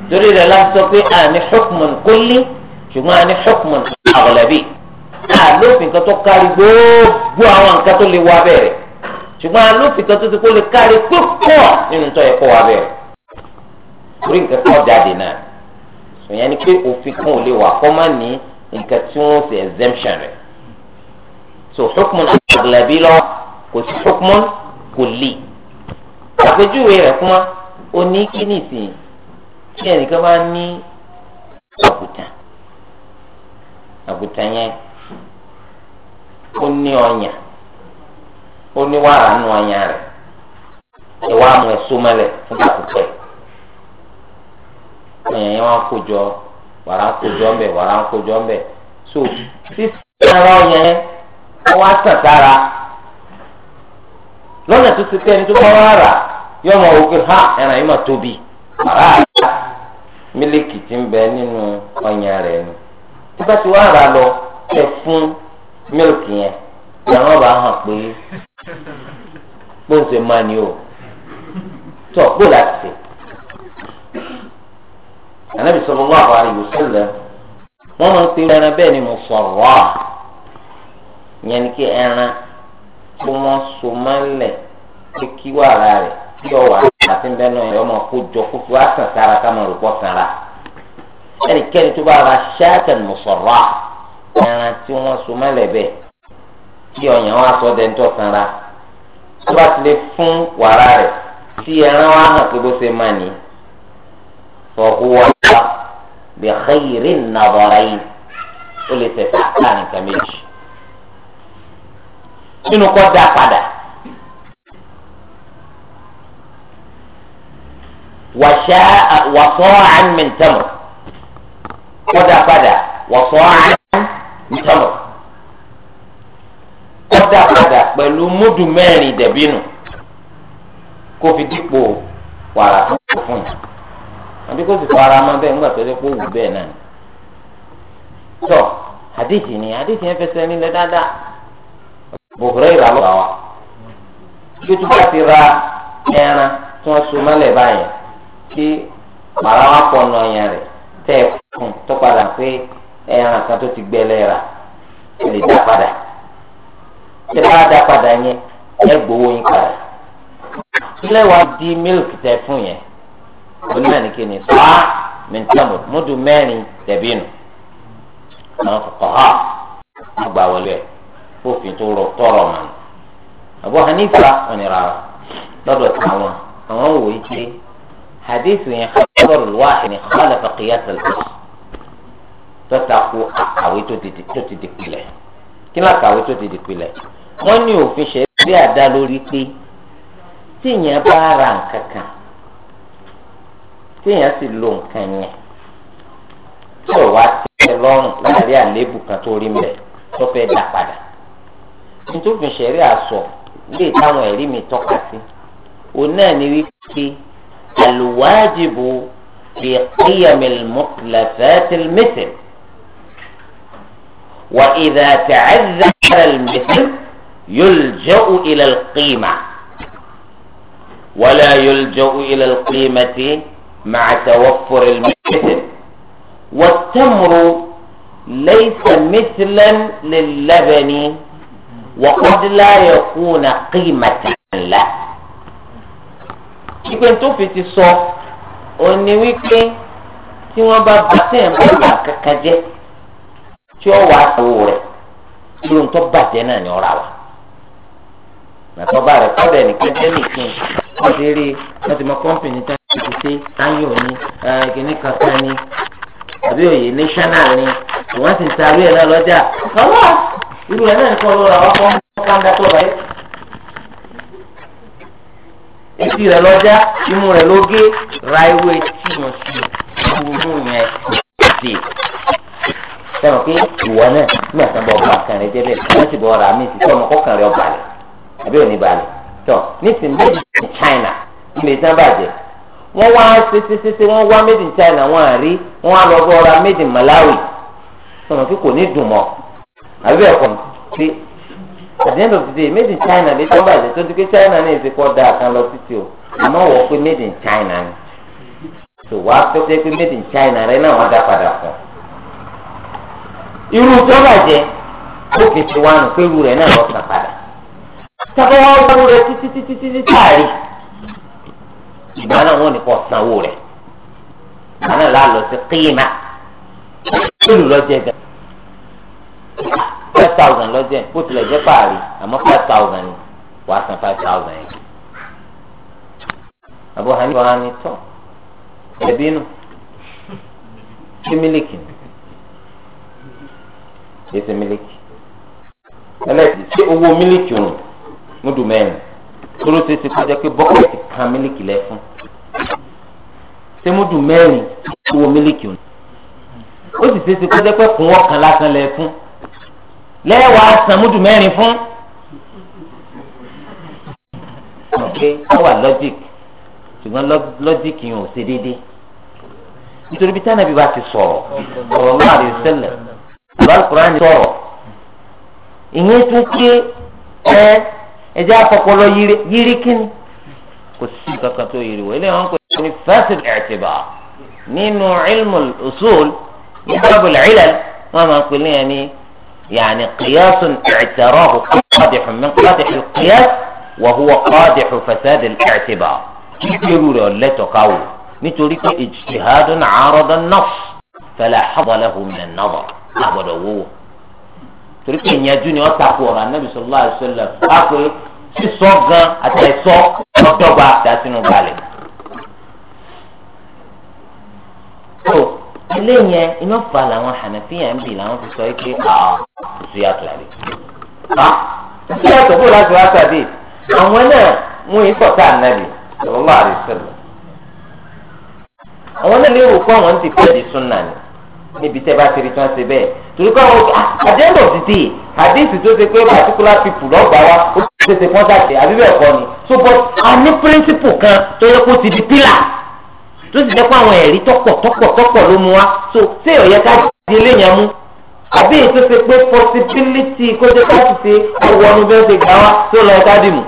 torí rẹ̀ láti sọ pé àní hukmun kulli ṣùgbọ́n àní hukmun aghlabi àlófin kan tó kárí gbogbo àwọn nǹkan tó lè wá bẹ̀rẹ̀ ṣùgbọ́n àlófin kan tó ti kó lè kárí púpọ̀ nínú tó yẹ kó wá bẹ̀rẹ̀ torí nǹkan kọ́ jáde náà ìyẹn ni pé òfin kan ò lè wà kọ́ má ní nǹkan tí wọ́n ṣe exemption rẹ̀ so hukmun aglabi lọ kò sí hukmun kulli àpèjúwe rẹ̀ kuma ó ní kíní ìsìn kí ẹnìkan bá ní àgùtàn àgùtàn yẹn ó ní ọyàn ó ní wàrà nù ọyàn rẹ̀ ìwà àmú ẹ̀sùn mọ́lẹ̀ fún àkùkẹ́ ẹ̀yìn yẹn wọ́n kó jọ wàrà ń kó jọ ń bẹ̀ wàrà ń kó jọ ń bẹ̀ so títí ara ọyàn yẹn wọ́n wá tàn sára lọ́nà tó ti tẹ́ni tó bá wà rà yọ ọmọ òkè ha ẹ̀ràn yìí mà tóbi wàrà àgbà mílíkì ti ń bẹ nínú ọyàn rẹ̀ ni tí bá ti wà rà lọ ẹ̀ fún. milk yẹn làwọn bá hàn pé gbóǹsẹ̀ máa ní o láti ṣe máa ń pe ẹran bẹ́ẹ̀ ni mo à yẹn ni kí ẹran tí wọn so máa ń lẹ pé kí wàrà rẹ kí àti ọmọ kó fi wá sàn sára ká máa rò pọ̀ sára ẹnikẹ́ni tó bá ra ṣáàtàn mo à. ẹran tí wọ́n so mọ́lẹ̀ bẹ́ẹ̀ kí ọ̀yàn wa sọ dẹ́ntọ́ sanra tó bá ti lè fún wàrà rẹ̀ tí ẹran wa hàn pé bó ṣe máa ní fọ̀húwà bi khayri an-nadarayn ó lè tẹ̀sí àtà nǹkan nínú kọ́ dá padà wàṣọ́ àmì tẹ̀mọ̀ kọ́ dá padà wàṣọ́ àmì. nítọ̀mọ̀ kọ́dà padà pẹ̀lú múdù mẹ́rin dẹ̀bínú kó fi dípò wàrà tó fún yìí àbí kó sì fara mọ́ nígbà tó kó wù náà àdéhìí ni àdéhìí yẹn fẹsẹ̀ nílẹ̀ dáadáa bòbúrẹ́ bá ti ra ẹran tí so wàrà wà ẹran kan tó ti gbẹ lẹ́ra ẹ lè dá padà ẹ bá dá padà yẹn ẹ gbowó yín padà ilé wa di mílìkì tẹ fún yẹn onímọ̀ ní kíni sọ́ọ́ mẹ́ntẹ́mù múdù mẹ́rin tẹ̀bí nù àwọn kọ̀kọ́ ha wọ́n gbà wọlé ẹ̀ fófin tó rọ tọrọ mọ́ ni Hanifa ọ̀nìrà lọ́dọ̀ táwọn àwọn wòye pé hadith yẹn kọ́ lọ́rùn wáhìn ní kọ́ lọ́fà kìyàtà lọ́sọ̀ tọ́tako àkàwé tó ti di pilẹ̀ kí ni àkàwé tó ti di pilẹ̀ wọ́n ní òfin ṣe bí àdá lórí pé tí èèyàn bá ra nǹkan kan tí èèyàn sì lo nǹkan yẹn tí ò wá tẹ́ lọ́rùn láàrin àléébù kan tó rí mbẹ̀ tó fẹ́ dà padà nítòfin ṣẹ̀rí àsọ lè táwọn ẹ̀rí mi tọ́ka sí òun náà ni wípé àlùwájìbò fi qiyamil wa idha ta'azzara al-mithl yulja'u ila al-qima wala yulja'u ila al-qimati ma'a tawaffur al-mithl wat-tamru laysa mithlan lil-labani وقد لا يكون قيمة له ìpè tó fi ti sọ òní wípé tí wọ́n bá bá tẹ̀ ń bá kankan jẹ́ tí ó wà tó rẹ̀ irú tó bàjẹ́ náà ni ó rà wá nàtọ́ba rẹ̀ kọ́dọ̀ ẹnìkan jẹ́ nìkan wọ́n ti rí wọ́n ti mọ kọ́mpìnì tá a ti ṣe táyọ̀ ni kìnìún kankan ni àbí òye national ni wọ́n sì ń ta abẹ́ẹ̀ náà lọ́jà ọlọ́ irú ẹ̀ náà ń kọ́ lọ́ra wọ́n kọ́ kánda tó rẹ̀ etí rẹ̀ lọ́jà imú rẹ̀ ló gé ra ewé tí mo sì ń mú yẹn sí sẹ́wọ̀n pé ìwọ náà nígbà tí wọ́n bọ̀ ọba kan rẹ jẹ́ bẹ́ẹ̀ wọ́n sì bọ̀ ọ̀rọ̀ àmì ìsìn tọ́mọ kọ́kàn rẹ ọba rẹ àbí òní balẹ̀ tọ́ nísìnyí méjì ní China ilé ìtàn bàjẹ́ wọ́n wá ṣeṣeṣeṣe wọ́n wá méjì China wọ́n à rí wọ́n á lọ bọ̀ ọ̀rọ̀ méjì Malawi sọ̀rọ̀ pé kò ní dùn mọ́ àbí ẹ̀kọ́ pé at the end of the day made in China lè tọ́ bàjẹ́ tó ti pé China ní ìfikọ́ dáa kan lọ títí o àmọ́ wọ́n pé made in China ni so wàá pẹ́ pé made in China rẹ náà wọ́n dá padà fún un. irú tó bàjẹ́ ó fi wá nù pé irú rẹ̀ náà lọ sàn padà sábà wá owó rẹ̀ títí títí títí táàrí ìgbà náà wọ́n ní kò sanwó rẹ̀ ìgbà náà láà sí kíímà olù lọ́jẹ̀ gan five thousand lọ́jẹ̀ bó tilẹ̀ jẹ́ páàrí àmọ́ five thousand ni tọ́ kí kìí ṣe mílíkì ẹlẹ́ẹ̀kì ṣé owó mílíkì òun múdù mẹ́rin tóró ṣe ṣe kọjá pé bọ́kẹ́tì kan mílíkì lẹ fún ṣé múdù mẹ́rin owó mílíkì òun ó sì ṣe ṣe kọjá pé kùn ọ̀kan lásán lẹ fún lẹ́wàá san múdù mẹ́rin fún. pé ó logic ṣùgbọ́n logic yẹn ò ṣe déédéé nítorí bí tánàbí bá ti sọ̀rọ̀ ọ̀rọ̀ náà lè ṣẹlẹ̀. ìbá alukur'an sọ̀rọ̀ ìyẹn tún pé ẹ ẹ jẹ́ àpọ̀pọ̀lọ yiri kíni kò sí kankan tó yiri wọ eléyìí wọn kò ní fásitì ẹ̀tìbà nínú ilmu usul ní bábù lẹ́yìn wọn máa ń pè léyìn ní yàní qiyasun ẹ̀tẹ̀rọ̀hù qadihu min qadihi qiyas wa huwa qadihu fasadi ẹ̀tìbà kí irú rẹ̀ lẹ́tọ̀ káwò nítorí pé ijtihadun arada an náà fẹlẹ̀ hadda lahu min an-nadar. àgbọ̀dọ̀ wówó torí pé ìyànjú ni wọ́n takò ọ̀rọ̀ anábì sallallahu alaihi wasallam wá pé sísọ gan àti ẹ̀sọ́ ọ̀dọ́gba dásínú balẹ̀. tó ilé yẹn iná fa làwọn hànàfíà ń bì làwọn fi sọ pé àà ah, sí yàtọ̀ àlè. sí ah, yàtọ̀ bó láti wá sàdé àwọn náà mú ìfọ̀tà anábì sallallahu alaihi wasallam. àwọn náà lérò pé àwọn ti fẹ́ di súnà ni níbi tẹ́ bá ti rí tí wọ́n ṣe bẹ́ẹ̀ torí pé àwọn àjẹ́ńdà òtítì àdéhùn tó ṣe pé particular people lọ́gbà wa ó ṣe ṣe wọ́n ṣàṣe àbí bẹ́ẹ̀ ni so but a ní principle kan tó yẹ kó ti di pillar tó sì jẹ́ pé àwọn ẹ̀rí tọ́pọ̀ tọ́pọ̀ tọ́pọ̀ ló mu wa so ṣé ọ̀yẹ́ ká di eléyàn mú àbí èyí tó ṣe pé possibility kó jẹ́ ká ti ṣe àwọnú bẹ́ẹ̀ ṣe gbà wá tó lọ ká dì mú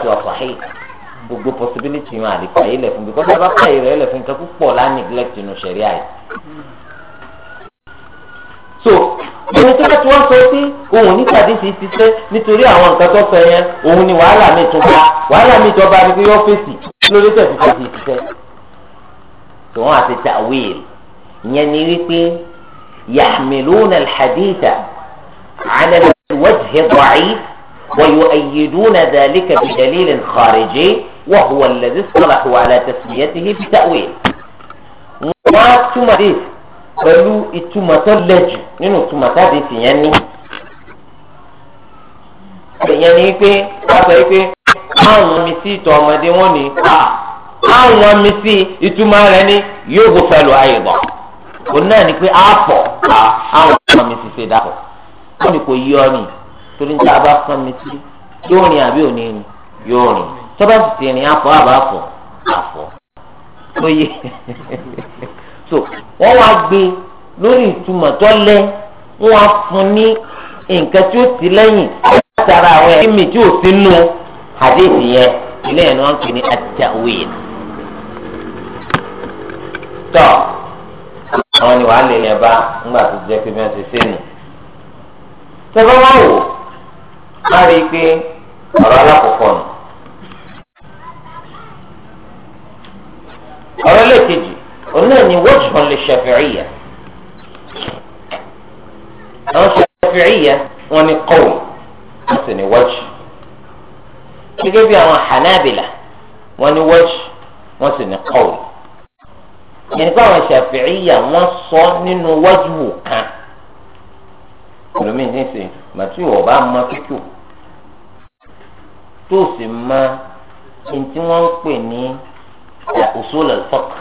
àwọn gbogbo possibility yẹn àlèkà yìí lẹ̀ fún bí kọ́sẹ́ bá fàyè rẹ̀ lẹ̀ fún nǹkan púpọ̀ neglect inú sẹ̀rí àyè. so ẹni tí wọ́n ti wọ́n sọ sí òun ní sàdísì ti sẹ́ nítorí àwọn nǹkan tó sọ yẹn òun ni wàhálà mi tó bá wàhálà mi tó bá ni pé yọ fèsì lórí tẹ̀sí fèsì ti sẹ́. so wọ́n àti tàwíìl ìyẹn ni wípé yahmiluna alhaditha ala alwajhi da'if wa yu'ayyiduna dhalika bidalilin khariji. وهو الذي اصطلحوا على تسميته بتأويل wọ́n á túmọ̀ dé pẹ̀lú ìtumọ̀ tó lẹ́jù nínú ìtumọ̀ táde tìyẹn ní. ìyẹn ni pé wọ́n sọ pé àwọn mi sí ìtọ̀ ọmọdé wọn ni àwọn mi sí ìtumọ̀ rẹ̀ ni yóò bó fẹ́ lọ ayé bọ̀. òun náà ni pé àpọ̀ àwọn mi sì ṣe dàpọ̀. wọ́n ní kò yí ọ ni torí níta bá fún mi sí yóò rìn àbí òní rìn yóò rìn. tọ́ba sì ti rìn afọ àbáfọ̀ àfọ̀ so wọ́n wá gbé lórí ìtumọ̀ tó wọ́n á fún ní nǹkan tí ó ti lẹ́yìn látara àwọn ẹ̀mí tí ò sí nù àdéhìí yẹn ilé ẹ̀ ni wọ́n ń pè ní tọ́ àwọn ni wàá lè lẹ́ bá ńgbà tó jẹ́ pé bí wọ́n ti ṣe pé ọ̀rọ̀ alákọ̀ọ́kọ́ nù. ọ̀rọ̀ lẹ́ẹ̀kejì òun náà ni wajhun li shafi'iyya àwọn shafi'iyya wọn ni qawl wọn sì ni wajh gẹ́gẹ́ bí àwọn hanabila wọn ni wajh wọn sì ni qawl yẹn kó àwọn shafi'iyya wọn sọ nínú wajhu kan lómìnir sè màtí wọ́n bá mọ kíkù tó sì mọ ẹni tí wọ́n ń pè ní. أصول الفقه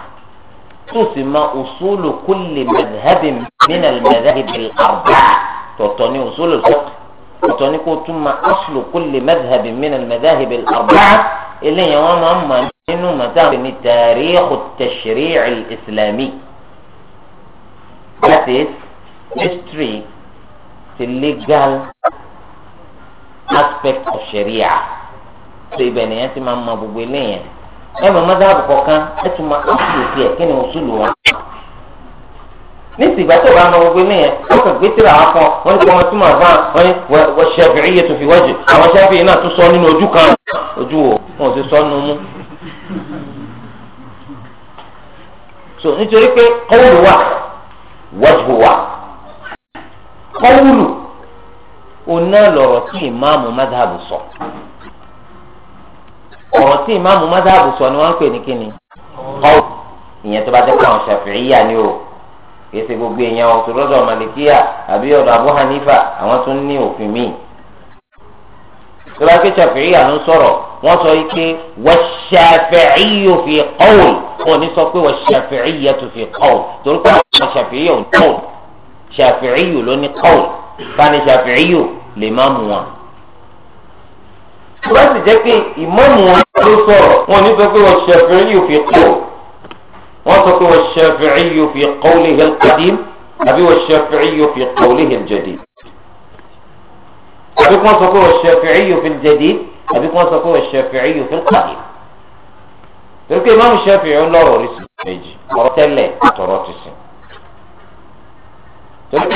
تسمى أصول كل مذهب من المذاهب الأربعة تعطوني أصول الفقه تعطوني ثم أصل كل مذهب من المذاهب الأربعة اللي يوم أما إنه متى تاريخ التشريع الإسلامي That is history the legal aspect of Sharia. So ibẹ̀ nìyẹn ti máa ẹ̀mọ̀ mọ́sáàbù kọ̀ọ̀kan ẹ̀ tún máa ọ̀sùn òkè ẹ̀ kí ni òṣùlù wọn. ní ìsìgbà tó bá máa gbogbo nìyẹn ó kàn gbé tíra wọn kan wọn ní kí wọn túmọ̀ fún wọn ní wọ́n ṣẹ́fì iye tó fi wọ́jù àwọn ṣẹ́fì iná tó sọ nínú ojú kan ojú wo wọn ò sì sọ nínú mú. so nítorí pé kọ́wùlù wà wọ́jù wà kọ́wùlù òun náà lọ̀rọ̀ tí ìmáàmù mọ́sáàbù sọ ọ̀rọ̀ tí ìmáàmù mádàbù sọ ni wọ́n ń pè ní kíni ọ̀rọ̀ ìyẹn tó bá jẹ́ pé àwọn ṣàfihàn ni o kìí ṣe gbogbo èèyàn ọ̀tún lọ́dọ̀ màlìkíyà àbí ọ̀dọ̀ Abu Hanifa àwọn tún ní òfin míì tó bá ké ṣàfihàn ló sọ̀rọ̀ wọ́n sọ pé wọ́ṣàfihàn fi qawli wọn ní sọ pé wọ́ṣàfihàn tó fi qawli torí pé àwọn ṣàfihàn tó bá sì jẹ́ pé ìmáàmù wọn ló sọ̀rọ̀ wọn ní sọ pé wọ́n ṣẹ̀fẹ̀rí yóò fi kọ́ wọ́n sọ pé wọ́n ṣẹ̀fẹ̀rí yóò fi qawlihi al-qadim àbí wọ́n ṣẹ̀fẹ̀rí yóò fi qawlihi al-jadid àbí wọ́n sọ pé wọ́n ṣẹ̀fẹ̀rí yóò fi al-jadid àbí wọ́n sọ pé wọ́n ṣẹ̀fẹ̀rí yóò fi al torí pé ìmáàmù ṣẹ̀fẹ̀rí lọ́rọ̀ oríṣi méjì ọ̀rọ̀ tẹ́lẹ̀ àtọ̀rọ̀ tuntun torí pé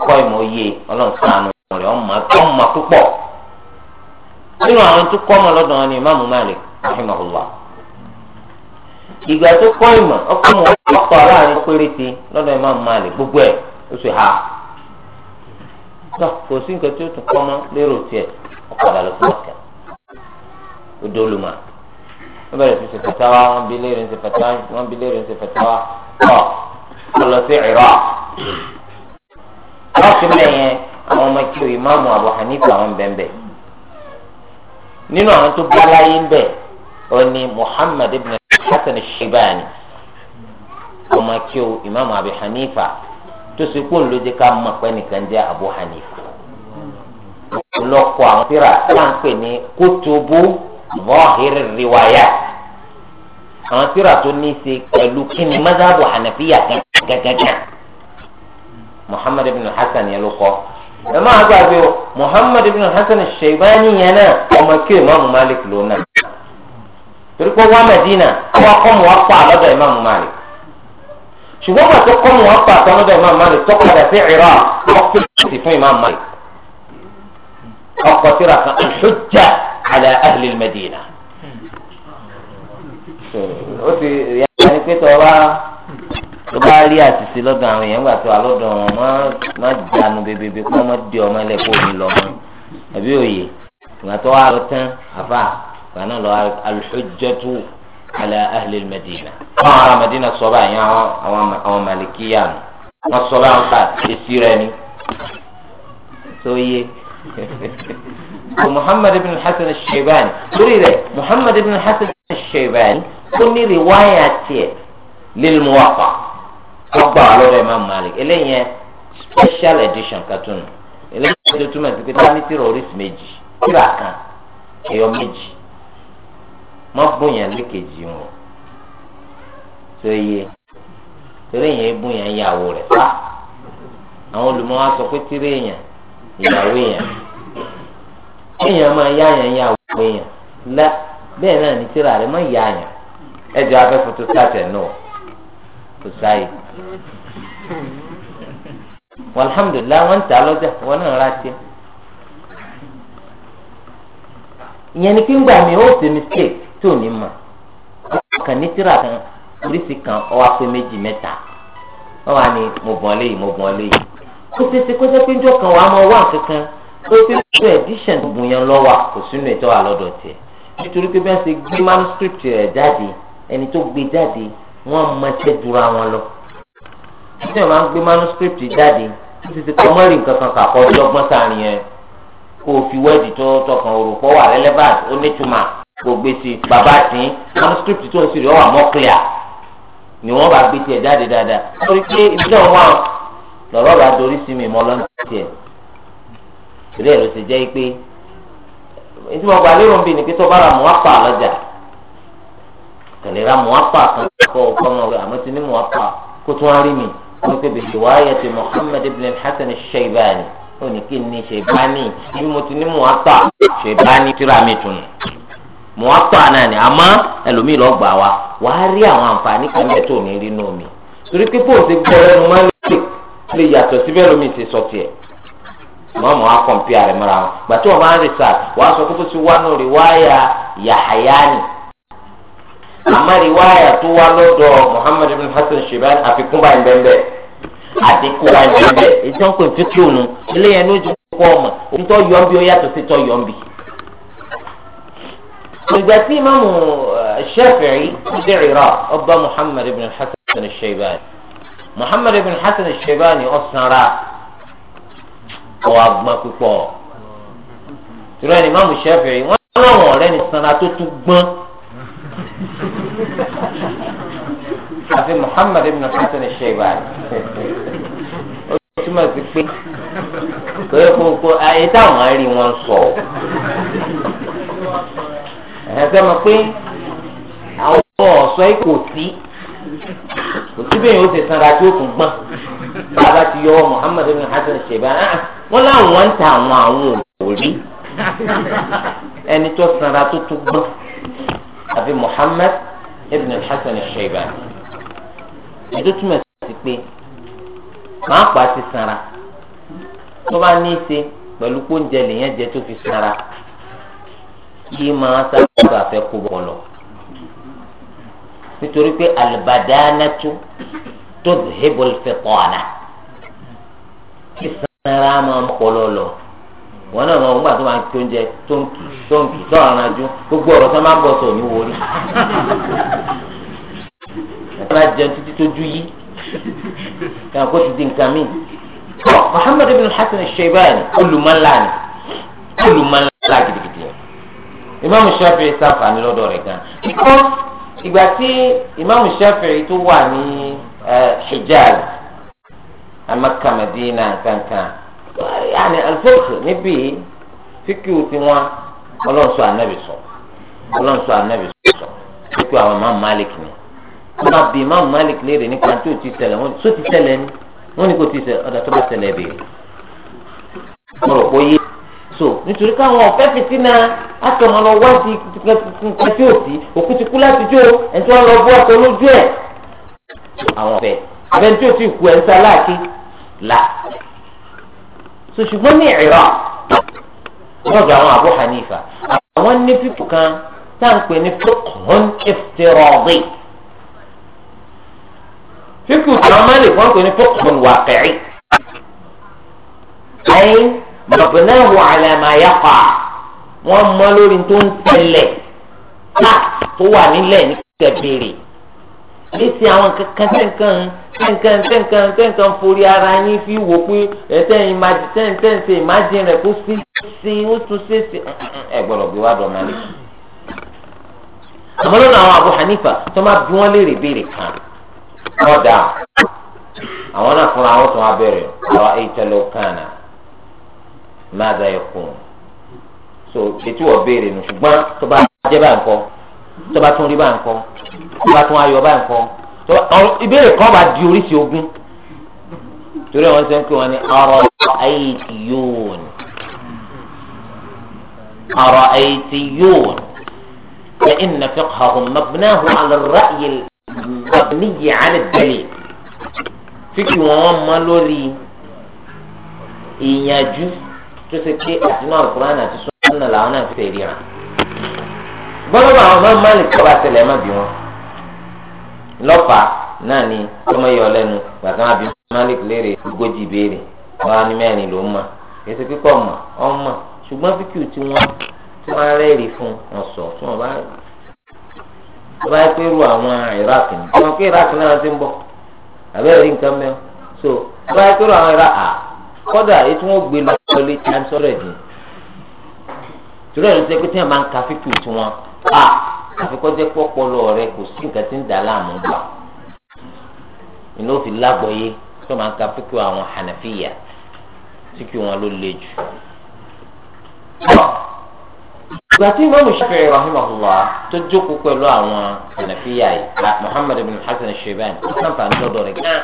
ìmáàmù ọ̀rẹ́ ọmọ púpọ̀ nínú àwọn tó kọ́ ọmọ wọn ni Malik rahimahullah ìgbà tó kọ́ ìmọ̀ ọkọ̀ mọ̀ ọkọ̀ aláàrin péréte lọ́dọ̀ Malik gbogbo ẹ̀ ó sì ha tó kò sí nǹkan tí ó tún kọ́ mọ́ lérò tiẹ̀ ọkọ àdàlù fún ọ̀kẹ́ odò olùmọ̀ wọ́n bẹ̀rẹ̀ sí ṣe fatawa wọ́n bi lọ sí àwọn ọmọ kí o ìmáàmù Abu Hanifa àwọn bẹ́ẹ̀nbẹ́ẹ̀ nínú àwọn tó bá láyé ń bẹ̀ ọ ni Muhammad ibn Hasan Shibani ọmọ kí o ìmáàmù Abu Hanifa tó sì kó lóde ká mọ̀ pé nìkan jẹ́ Abu Hanifa lọ́kọ̀ àwọn tíra láǹpẹ̀ ní kótóbó zahir riwaya àwọn tíra tó ní í ṣe pẹ̀lú kíni mazhabu hanafiya gàgàgà Muhammad ibn Hasan yẹn ló kọ́. ẹ máa gbàgbé o Muhammad ibn Hasan Shaybani yẹn náà ọmọ kí Imam Malik ló náà torí pé wá Medina wọ́n kọ́ mu wá pa àlọ́dọ̀ Imam Malik ṣùgbọ́n bàtọ́ kọ́ mu wá pa àtọ́lọ́dọ̀ Imam Malik tó padà sí Iraq wọ́n kí lóòtì fún Imam Malik ọkọ̀ síra kan al-hujja ala ahli al-Madina ó ti yára ní pé tọ́ wa. tó bá rí àṣìṣe lọ́dọ̀ àwọn èèyàn gbà tó wà lọ́dọ̀ wọn má má dànù bèbèbè kó wọn di ọmọ ilẹ̀ kó omi lọ mọ́ àbí òye ìgbà tó wà lọ tán àfà ìgbà náà lọ al-hujjatu ala ahli al-Madina wọn ará Madina sọ́ba yẹn àwọn malikiya wọn sọ́ba ń fà èsì rẹ ni tó yé (laughs) muhammad ibn hasan al lórí rẹ muhammad ibn hasan al ó ní riwaya tiẹ̀ lil Muwatta. ọgbà lọ́dọ̀ Imam Malik eléyẹn special edition cartoon eléyìí tó túmọ̀ sí pé tá a ní tìrọ oríṣi méjì tìrà kan ẹ̀yọ méjì má bóyá lékejì wọn tó yẹ torí yẹn bóyá ìyàwó àwọn wa sọ pé tìrẹ yẹn ìyàwó yẹn èèyàn máa yá yẹn ìyàwó yẹn la bẹ́ẹ̀ náà ní má yá yẹn ẹ kò sáyè. alhamdulilayi wọn ń tà lọ́jà wọn náà ra tiẹ̀. ìyẹn ni kí n gbà mí ó ṣe mistake tí ò ní mọ̀ ọkàn ní tíra kan oríṣi kan ọwọ́ apẹ méjì mẹ́ta wọ́n wà ní mo bọ̀ léyìí mo bọ̀ léyìí kó tètè kó jẹ́ pé njọ́ kan wàá mọ wá kankan ó ti sọ edition gbùn yẹn lọ́wọ́ kò sínú ìtọ́ àlọ́dọ̀ tiẹ̀ nítorí pé bẹ́ẹ̀ ṣe gbé manuscript rẹ̀ jáde ẹni tó gbé jáde wọ́n mọ ẹsẹ̀ dúró àwọn lọ. ṣé o máa ń gbé manuscript jáde tó ti ti kọ́ mọ́rì nǹkan kan kàkọ́ ọlọ́gbọ́n sàárín yẹn kó o fi wẹ́ẹ̀dì tó tọkàn òrùkọ́ wà relevant ó nítumà o gbé sí i bàbá àti manuscript tó ń sèrè ọ̀wà mọ́ clear ni wọ́n bá gbé tiẹ̀ jáde dáadáa. lórí pé ìdílé wọn wà lọ́rọ́ bá dorí sí mi mọ́ lọ́nà tiẹ̀. ìrẹ́ ló ti jẹ́ pé ìtumọ̀ gbàlérò ń bì ní pé tó bá ra mọ́ apá lọ́jà tẹ̀lé ra mọ́ apá kan kọ́ ọkọ́ ọmọ rẹ̀ àmọ́ ti ní mọ̀ apá kó tún á rí mi wọ́n pe bèbè wáyé ti Muhammad ibn Hasan Shaybani ó ní kí ni Shaybani ibi mo ti ní mọ̀ apá Shaybani tíra mi tún mọ̀ apá náà ni àmọ́ ẹlòmíì lọ́ọ́ gbà wá wàá rí àwọn àǹfààní kan bẹ́ẹ̀ tó ní rí nù mí torí pé bó ṣe gbọ́ ẹnu máa ń lè lè yàtọ̀ síbẹ̀ lómi ti sọ tiẹ̀ wọ́n mọ̀ á kọ̀ǹpì àrẹ̀mọ́ra wọn gbàtí wọ́n máa ń rìsà wàá sọ kó tó ti rí wáyà Yahayani amari waya tó wá lọ́dọ̀ Muhammad Hasan Shibani àfikún bá ìbẹ́ńbẹ́ àdínkù wá ìbẹ́ńbẹ́ èyí tó ń pè fíkìrù nu eléyẹn ló ju kọ́ ọmọ òun tó ó yàtọ̀ sí tó ìgbà tí ọba Hasan Shibani Muhammad ibn Hasan Shibani ọ ọ̀wà gbọ́n púpọ̀ tìrọ̀ ni imáàmù Shafi'i wọ́n láwọn ọ̀rẹ́ ni sanra tó tún gbọ́n. àfi Muhammad ibn Hasan al-Shaybani ó túmọ̀ sí pé kòyẹ kókó ayé táwọn arí wọn sọ ẹ̀sẹ̀ mọ̀ pé àwọn ọ̀sọ́ yìí kò sí kò sí bẹ́ẹ̀ yóò ṣe sanra tí ó tún gbọ́n bàbá ti yọ Muhammad ibn Hasan al-Shaybani ah, wọn láwọn ń ta àwọn àwọn òrí ẹni tó sanra tó tún gbọ́n àfi Muhammad ibn al-Hasan al-Shaybani ètò túmọ̀ sí pé màá pa ti sanra tó bá ní í ṣe pẹ̀lú kóúnjẹ lèyàn jẹ tó fi sanra yìí máa sábà fẹ́ kó bọ̀ lọ nítorí pé al-badanatu tudhibul fitana kí sanra máa ń pọ̀ lọ́lọ́ wọn náà wọn gbà tó máa tó ń jẹ tó ń kì tó ń kì tó ọ̀ràn ajú gbogbo ọ̀rọ̀ tó máa ń bọ̀ sọ ní wọlé ẹ̀ka jẹun títí tójú yí ẹ̀ka kó ti di nǹkan míì. Muhammad ibn Hasan al-Shaybani olùmọ̀láàni olùmọ̀láà gidigidi Imam Shafi'i sàǹfààní lọ́dọ̀ rẹ̀ gan. ìgbà tí Imam Shafi'i tó wà ní Hijaz, Amaka, kankan yàní alifóòtù níbí fíkìú tiwọn ọlọ́nsọ ànábì sọ ọlọ́nsọ ànábì sọ fíkìú àwọn máa Malik ni wọn bá bí máa Malik léèrè nípa tí ò ti ṣẹlẹ̀ wọn sọ ti ṣẹlẹ̀ ni wọn ni kò ti ṣẹlẹ̀ ọ̀dà tó bá ṣẹlẹ̀ béèrè mo rò pé yé so nítorí káwọn ọ̀fẹ́ fìtínà àtọ̀mọ́ lọ wá sí nǹkan tí ò sí òkú ti kú láti jó ẹ̀ńtí wọn lọ bú ọkọ lójú ẹ̀ àwọn ọ̀fẹ́ abẹ́ntí ò ti kú ẹ̀ ń sá láàkí là so ṣùgbọ́n ní Iraq lọ́dọ̀ àwọn Abu Hanifa àwọn ní fífò kan táǹpẹ̀ ní fiqhun iftiradi fífò kan máa lè fọ́n pé ní fiqhun waqi'i ayé mabnahu ala ma yaqa wọ́n mọ́ lórí tó ń tẹ̀lẹ̀ tó wà nílẹ̀ ní kẹ̀kẹ́ àbí sin àwọn kankan tẹ̀ǹkan tẹ̀ǹkan tẹ̀ǹkan tẹ̀ǹkan forí ara yín fi wò pé ẹ̀tẹ̀yìn tẹ̀ǹtẹ̀ǹtẹ̀ ìmájìn rẹ̀ kó sí sí ó tún sí sí ẹ̀ gbọ́dọ̀ bí wá dọ̀ máa lé. àmọ́ lọ́nà àwọn Abu Hanifa tó máa bí wọ́n léèrè béèrè kan wọ́n dà àwọn náà fúnra wọn tó máa bẹ̀rẹ̀ àwọn ìtẹ̀lẹ̀ kànà máa dá ẹ̀ so ètò ọ̀ béèrè nù ṣùgbọ́n tó bá jẹ́ bá ń kọ́ tó bá tún rí bá ń kọ́ ìgbà tó ayọ̀ báyìí nǹkan ìbéèrè kan bá di oríṣi ogún torí àwọn sẹ́ńkì wọn ni ọ̀rọ̀ àìtì yóòn ọ̀rọ̀ àìtì yóòn فإن فقههم مبناه على الرأي المبني على الدليل fíkì wọn mọ lórí ìyànjú tó ṣe pé àtinú àlùkùránì àti sùnnà làwọn náà fi tẹ̀lé hàn. gbọ́dọ̀ àwọn máa ń máa lè kọ́ bá tẹ̀lé ẹ̀ má bí wọn lọ́fà náà ni tọ́mọ yọ lẹ́nu gbàtà àbí malik léèrè ogójì ìbéèrè wọn á ní mẹ́rin ló ń mọ̀ èsì pípọ̀ mọ̀ ọmọ ṣùgbọ́n fíkì tí wọ́n tí wọ́n rẹ́ẹ̀rì fún wọn sọ tí wọ́n bá tó bá pé ru àwọn iraq ni wọn pé iraq náà ti ń bọ̀ àbẹ́rẹ́ rí nǹkan mẹ́wọ́ so tó bá pé ru àwọn iraq à kọ́dà èyí tí wọ́n gbé lọ lọ́lé tí wọ́n sọ̀rọ̀ ẹ̀dín tùrọ̀ ìlú sẹ́kítì máa ń ka fíkì tí wọ́n à àfikọ́jẹ́ pọ́pọ́lọ rẹ kò sí nǹkan tí ń dà láàmú gbà ni ló fi lágbọ́yé tó máa ń ka fíkú àwọn hànàfíyà tí kí wọn ló le jù. ìgbà tí Imam Shafi'i rahimahullah tó jókòó pẹ̀lú àwọn hànàfíyà yìí Muhammad ibn Hasan al-Shaybani ó sàǹfààní lọ́dọ̀ rẹ̀ gán.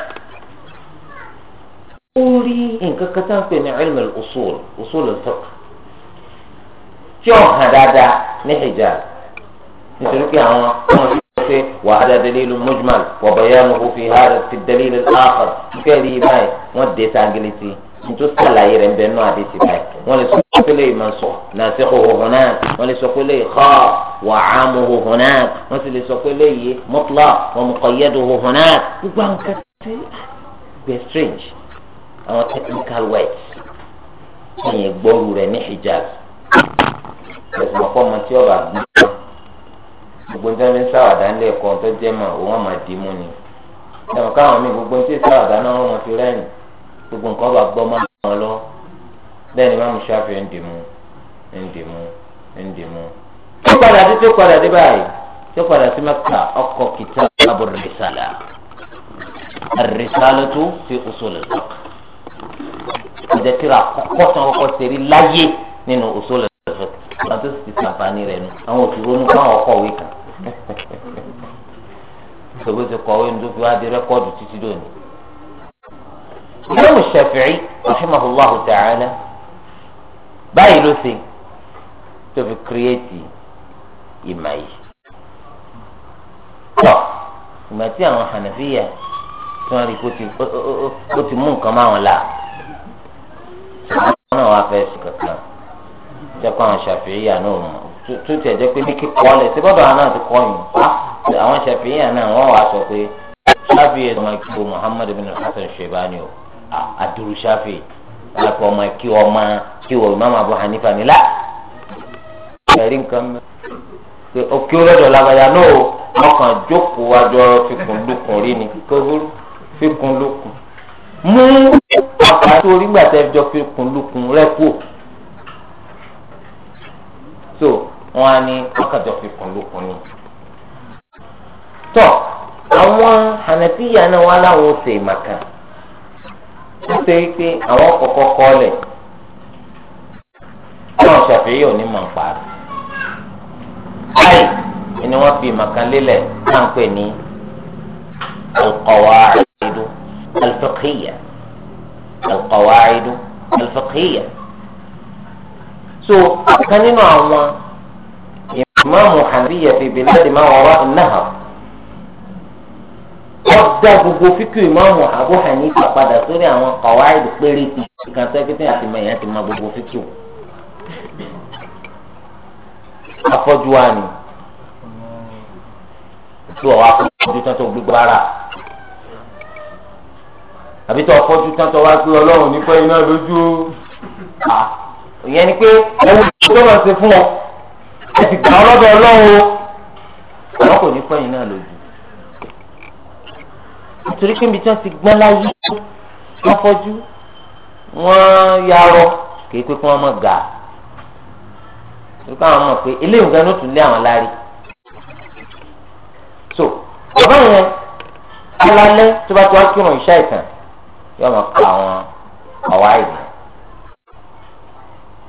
ó rí nǹkan kan ń pè ní ilm usul usul al tí ó hàn dáadáa ní Hijaz nítorí pé àwọn ọmọ yìí sọ pé وهذا دليل مجمل وبيانه في هذا في الدليل الآخر nífẹ̀ẹ́ rí báyìí wọ́n dé sangiliti nítorí sàlàyé rẹ̀ ń bẹ náà àdé ti báyìí wọ́n lè sọ pé lè máa sọ nasikhuhu hunak wọ́n lè sọ pé lè khaa wa amuhu hunak wọ́n sì lè sọ pé lè yé mutlaq wa muqayyaduhu hunak gbogbo àwọn kan gbẹ strange àwọn technical words ẹ̀yìn gbọ́rù rẹ̀ ní hijaz ẹ̀sìn ọ̀pọ̀ ọmọ tí ọba gbogbo ní sẹ́ni sáwàdà ńlẹ̀ ẹ̀kọ́ tó jẹ́ mọ̀ òun àmà dì mú ni ẹ̀wọ̀n káwọn mi gbogbo ní sáwàdà náà wọ́n fi rẹ́yìn gbogbo nǹkan bá gbọ́ mọ́ àwọn lọ bẹ́ẹ̀ ni máa mú ṣáfì ń dì mú ń dì mú ń dì mú. tó padà dé tó padà dé báyìí tó padà sí mẹ́ta ọkọ̀ kìtà àbúrò rìsàlà rìsàlà tó fi usul al-fiqh ọjọ́ tíra kọ́kọ́ tán kọ́kọ́ sẹ́rí láyé nínú usul al-fiqh àti ti sàǹfààní rẹ̀ nù àwọn òṣìṣẹ́ oníkàwọn ọkọ̀ wí kan ìṣòwò ti kọ̀wé ní tó fi wá di rẹ́kọ́ọ̀dù títí dòní. Imam Shafi'i rahimahullahu ta'ala báyìí ló ṣe tó fi kírẹ́ẹ̀tì ìmọ̀ yìí. Tọ́ ìgbà tí àwọn Hànàfíyà tí wọ́n rí kó ti mú nǹkan máwọn la wọ́n náà wá fẹ́ sí kankan jẹ́ kó àwọn Shafi'i náà mọ̀ tó tiẹ̀ jẹ́ pé ní kíkọ́ lẹ̀ sí bọ́dọ̀ àná ti kọ́ yìí àwọn ṣàfihàn náà wọ́n wàá sọ pé ṣáfì ẹ̀ máa kí o Muhammad bin Hasan Shaybani o àdúró ṣáfì lápò ọmọ kí o ọmọ kí o Imam Abu Hanifa nílá. ẹ̀rí nǹkan mẹ́ pé òkè olódò làbàyà náà o ọkàn jókòó wájọ fikùn lukùn rí ni kókóró fikùn lukùn mú àpàtó orí gbàtẹ́ jọ fikùn lukùn rẹ́ kú so wọn á ní ọkàjọ fi kùn lókun ni. tọ àwọn hànàfíyà náà wà láwọn oṣù ìmàkà ó ṣe pé àwọn kọ̀ọ̀kan kọ́lẹ̀ náà ṣàfihàn onímọ̀ ń parí. báyìí ni wọ́n fi ìmàkà lélẹ̀ náà ń pè ní alqawaidu alfiqhiyya alqawaidu alfiqhiyya so ọ̀kan nínú àwọn ìmáàmù hàníyà fi bilad ma wara an-nahar wọ́n dá gbogbo fíkú ìmáàmù Abu Hanifa padà sórí àwọn qawaid péréte ìkan sẹ́kítì àti mẹ̀yìn àti máa gbogbo fíkú. afọ́jú wa ni tí ọ̀wá afọ́jú tán tó gbégbá ara àbí tó afọ́jú tán tó wá pé ọlọ́run nípa iná lójú ó. Ah ìyẹn ni pé ẹwù tó lọ sí fún ọ ẹ ti gbà ọlọ́dọ̀ ọlọ́run àwọn kò ní pẹ́yìn náà lójú nítorí pé ibi tí wọ́n ti gbọ́n láyé wọ́n fọ́jú wọ́n yarọ kìí pé kí wọ́n mọ̀ gà nípa àwọn mọ̀ pé eléyìí nǹkan ló tún lé àwọn lárí so ọba yẹn alalẹ tó bá ti wá kírun ìṣá ìtàn yóò máa pa àwọn ọwá ìlú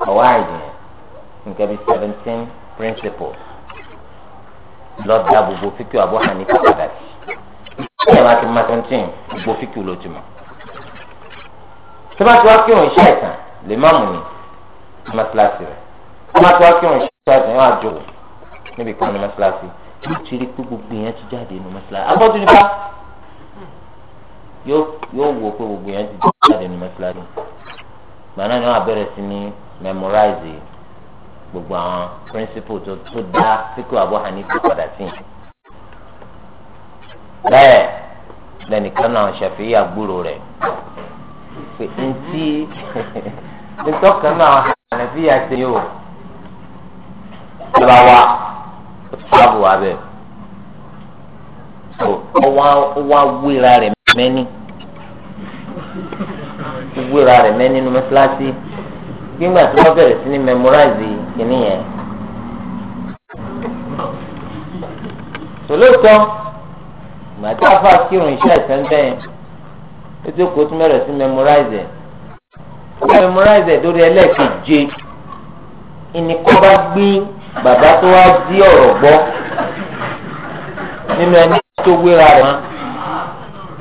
kọ̀wáìdì nǹkan bíi seventeen principles lọ́dà gbogbo fíkì Abu Hanifa padà sí ṣé ẹ bá ti máa seventeen gbogbo fíkì olójúmọ́ tó bá ti wá kírun iṣẹ́ ìtàn lè má mú ni mọ́sálásí rẹ̀ tó bá ti wá kírun iṣẹ́ ìtàn yóò àjò níbi kan ní mọ́sálásí yóò ti rí pé gbogbo yẹn ti jáde nínú mọ́sálásí abọ́jú nípa yóò wò pé gbogbo yẹn ti jáde nínú mọ́sálásí gbàná ni wọ́n á bẹ̀rẹ̀ sí ní memorize gbogbo àwọn principle tó tó dá fíkú Abu Hanifa padà sí. bẹ́ẹ̀ lẹ́nìkan náà ṣàfihàn gbúrò rẹ̀ pé ntí (laughs) nítọ́kàn náà Hanafiya ṣe yóò lọ́ba wa ṣáàbù wa bẹ́ẹ̀ ó wá wíra rẹ̀ mẹ́ni wíra rẹ̀ mẹ́ni nu mẹ́sàlásì nígbà tí wọ́n bẹ̀rẹ̀ sí ní memorize kìíní yẹn. tòlótọ́ ìgbà tí wọ́n fà kírun iṣẹ́ ìsẹ́ńtẹ́ yẹn ètò ìkó tún bẹ̀rẹ̀ sí memorize wọ́n memorize ẹ̀ lórí ẹlẹ́ẹ̀keje ìníkọ́ bá gbé bàbá tó wá dí ọ̀rọ̀ gbọ́ nínú ẹni tó wéra rẹ̀ mọ́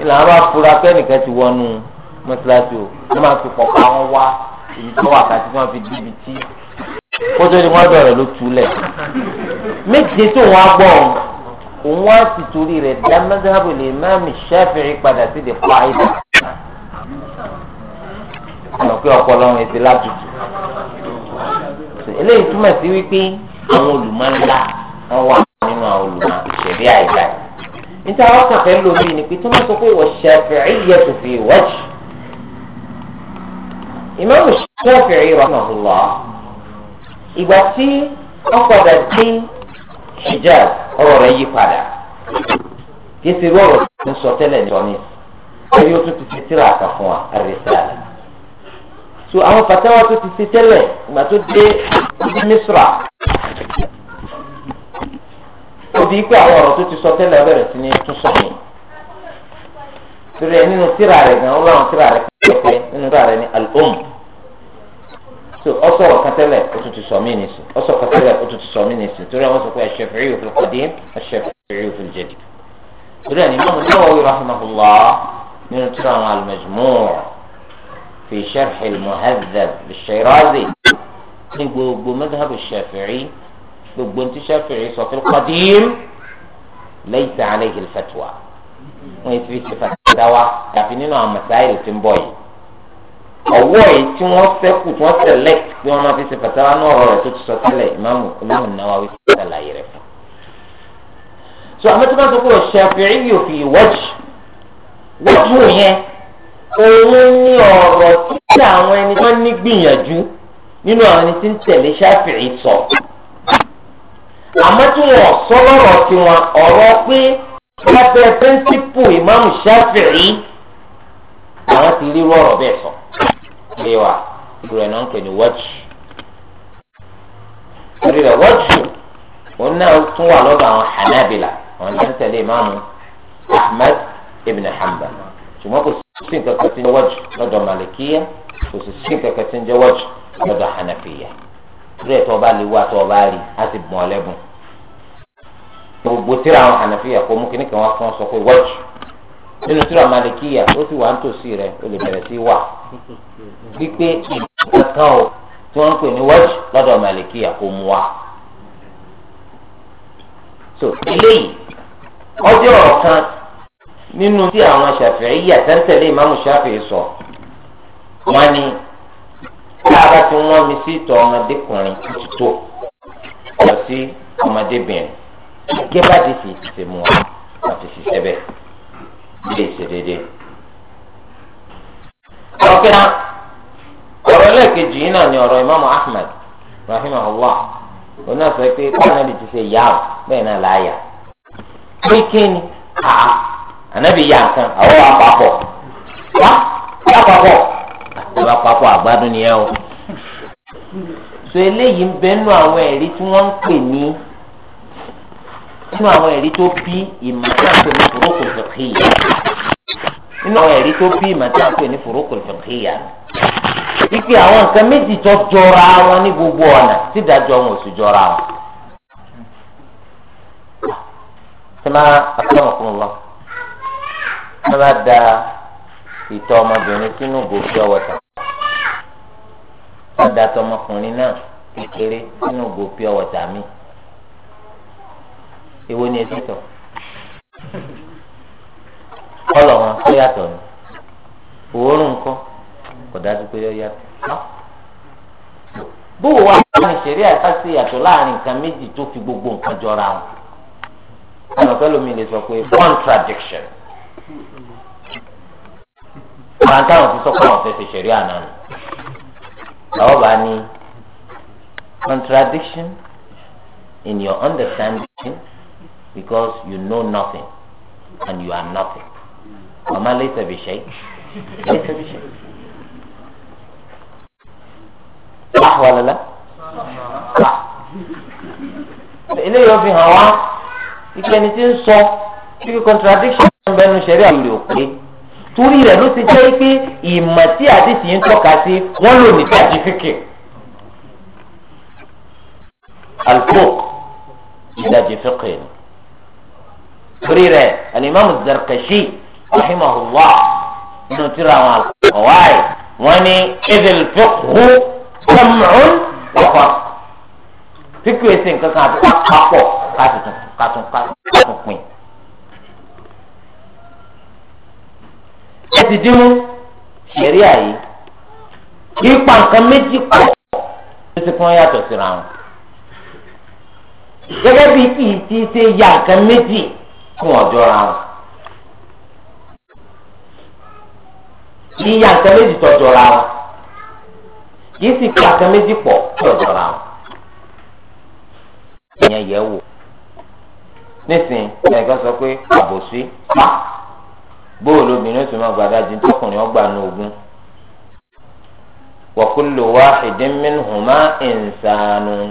ìlànà bá fura pé ẹnìkan ti wọnú mọ́tíláṣí o wọ́n máa fi pọ̀pọ̀ àwọn wá ibi tó wà kàtí wọ́n fi dí ibi tí kótó ni wọ́n bẹ̀rẹ̀ ló túlẹ̀ méje tó wọ́n á gbọ́ òun wá sì torí rẹ̀ dá mẹ́tàbù lè má mi ṣẹ́fìrí padà sí di pa ìdá. ọ̀nà pé ọpọlọ ń retí látùtù eléyìí túmọ̀ sí wípé àwọn olùmọ̀ ńlá wọ́n wà nínú àwọn olùmọ̀ ìṣẹ̀lẹ̀ àìdáì níta wọ́n kàn fẹ́ lómi ni pé tí wọ́n sọ pé wọ́n ṣẹ̀fẹ̀ ẹ̀yẹ tó fi wọ́ọ̀jì ìmáàmù Ṣáfi'í rahimahullah ìgbà tí wọ́n padà dé Hijaz ọ̀rọ̀ rẹ̀ yí padà kìí ṣe rọrọ̀ tó ń sọ tẹ́lẹ̀ ní ọ̀nì ẹ̀rí ó tún ti ṣe tíra àkà fún wa àrísàlẹ̀ so àwọn fatawa tó ti ṣe tẹ́lẹ̀ ìgbà tó dé Misra ó di pé àwọn ọ̀rọ̀ tó ti sọ tẹ́lẹ̀ bẹ̀rẹ̀ sí ní tún sọ yìí torí ẹ nínú tíra rẹ̀ gan ó láwọn tíra rẹ̀ kẹ́kẹ́ nínú tíra rẹ̀ ní al so ọsọrọ kẹtẹlẹ otutu sọmi nìsín ọsọrọ kẹtẹlẹ otutu sọmi nìsín torí àwọn sọkọ ẹsẹfìrí òfin kọdín ẹsẹfìrí òfin jẹdì torí àwọn ìmọ̀ nígbà wọ́n yọrọ rahimahullah nínú tí wọn àwọn al-Majmu' fi sharh al-Muhadhab al-Shirazi ní gbogbo madhhab al-Shafi'i gbogbo ntí Shafi'i sọ fil qadim laysa alayhi al-fatwa wọn ti fi ṣe fatawa yafi nínú àwọn masáyìlì tí ń bọ̀ yìí. ọwọ́ yìí tí wọ́n sẹ́kù tí wọ́n select pé wọ́n máa fi ṣe fatawa náà ọ̀rọ̀ rẹ̀ tó ti sọ tẹ́lẹ̀ ìmáàmù Imam Nawawi ṣàlàyé rẹ̀ fún. so àmọ́ tí wọ́n sọ pé Shafi'i yìí ò fi wajh wajh yẹn òun ní ọ̀rọ̀ tí àwọn ẹni tó ní gbìyànjú nínú àwọn ẹni tí ń tẹ̀lé Shafi'i sọ. àmọ́ tí wọ́n sọ lọ́rọ̀ tiwọn ọ̀rọ̀ pé wọ́n fẹ́ pẹ́ńsípù ìmáàmù Shafi'i àwọn ti rí rọ̀rọ̀ bẹ́ẹ̀ sọ léwà irú ẹ̀ náà ń pè ní wọ́ọ̀jù torí rẹ̀ wọ́ọ̀jù òun náà tún wà lọ́dọ̀ àwọn hanabila àwọn tó ń tẹ̀lé ìmáàmù ahmed ibn hanbal ṣùgbọ́n kò sí nǹkan kan tí ń jẹ́ wọ́ọ̀jù lọ́dọ̀ malikiya kò sì sí nǹkan tí ń jẹ́ wọ́ọ̀jù lọ́dọ̀ hanafiya torí ẹ̀ tó ọba lè wá tó ọba rí á sì bùn ọ lẹ́bùn gbogbo tíra àwọn hanafiya kò mú kíníkan wá fún ọ sọ pé wọ́ọ̀jù nínú tíra malikiya ó sì wà ń tòsí rẹ o lè bẹ̀rẹ̀ sí wà wípé ìgbàkan o tí wọ́n ń pè ní wájú lọ́dọ̀ malikiya kò mú wa. so eléyìí ọjọ́ ọ̀kan nínú tí àwọn Ṣafi'iyya tẹ́ńtẹ̀lé ìmáàmù Ṣafi'i sọ wọ́n ní lára tí wọ́n mi sí ìtọ̀ ọmọdékùnrin tó lọ sí ọmọdébìnrin gẹ́gẹ́ bá ti fi ṣe mú wa àti ṣiṣẹ́ bẹ́ẹ̀. lè ṣe déédéé. ọ̀rọ̀ kíra ọ̀rọ̀ ẹlẹ́ẹ̀kejì yìí náà ni ọ̀rọ̀ Imam Ahmad rahimahullah oní ọ̀sẹ̀ pé kọ́nẹ́lì ti ṣe yá bẹ́ẹ̀ náà láàyà. pé ni ànábì yá nǹkan àwọn wà papọ̀ wá wà àti wà papọ̀ àgbádùn nìyẹn o. sọ eléyìí ń bẹ́ẹ̀ nù àwọn ẹ̀rí tí wọ́n ń pè ní. nínú àwọn ẹ̀rí tó bí ìmọ̀tàpẹ̀ ní fòrókò fìkìyà nínú àwọn ẹ̀rí tó bí ìmọ̀tàpẹ̀ ní fòrókò fìkìyà ipe àwọn nǹkan méjì tó jọra wọn ní gbogbo ọ̀nà tí ìdájọ́ wọn ò sì jọra wọn. sọ́mà àtọ́mọ̀kùnrin lọ wọ́n bá da ìtọ̀ ọmọbìnrin sínú ògbó pure water wọ́n da tọmọkùnrin náà kékeré sínú ògbó pure míì èwo ni etí tọ̀ kọ́lọ̀ wọn tó yàtọ̀ ni òórùn nǹkan kò dájú pé ó yàtọ̀ bóò wá ní sẹ̀rí àkásí yàtọ̀ láàrin nǹkan méjì tó fi gbogbo nǹkan jọra wọn ọ̀nà pẹ́ lómi lè sọ pé contradiction àwọn táwọn ti sọ pé àwọn fẹ́ fi sẹ̀rí àná nù báwo bá ní contradiction in your understanding because you know nothing and you are nothing. Mama later be shake. Later be shake. Wah wala la. Wah. Eléyìí ó fi hàn wá ike ẹni tí ń sọ kí contradiction ń bẹnu ṣẹ̀rí àwọn olè òpè torí rẹ̀ ló ti jẹ́ pé ìmọ̀ tí àdìsí ń tọ́ka sí wọ́n lò ní certificate. Alpo ìdajì fẹ́kẹ̀ẹ́ ni torí rẹ̀ alimami zarkashi rahimahullah nínú tíra àwọn àkọwáì wọn ní idil fiqhu sam'un wọkọ fíkú ẹsẹ nǹkan kan àti kápọ kátùtù kátùn kátùn pin. ẹ ti dín mú ṣẹ̀rí àyè ipa nǹkan méjì pọ̀ ló ti kún yàtọ̀ síra wọn. gẹ́gẹ́ bí kì ti ṣe ya méjì kí wọ́n jọra wọn. yíyá nǹkan méjì tó jọra wọn yìí sì fi nǹkan méjì pọ̀ tó jọra wọn. ìyẹn yẹ wò nísìnyí ẹ̀ka sọ pé àbòsí pa bóòlù obìnrin tó máa gbàdá di tọkùnrin ọgbà ní ogun wa kullu wahidin minhuma insanun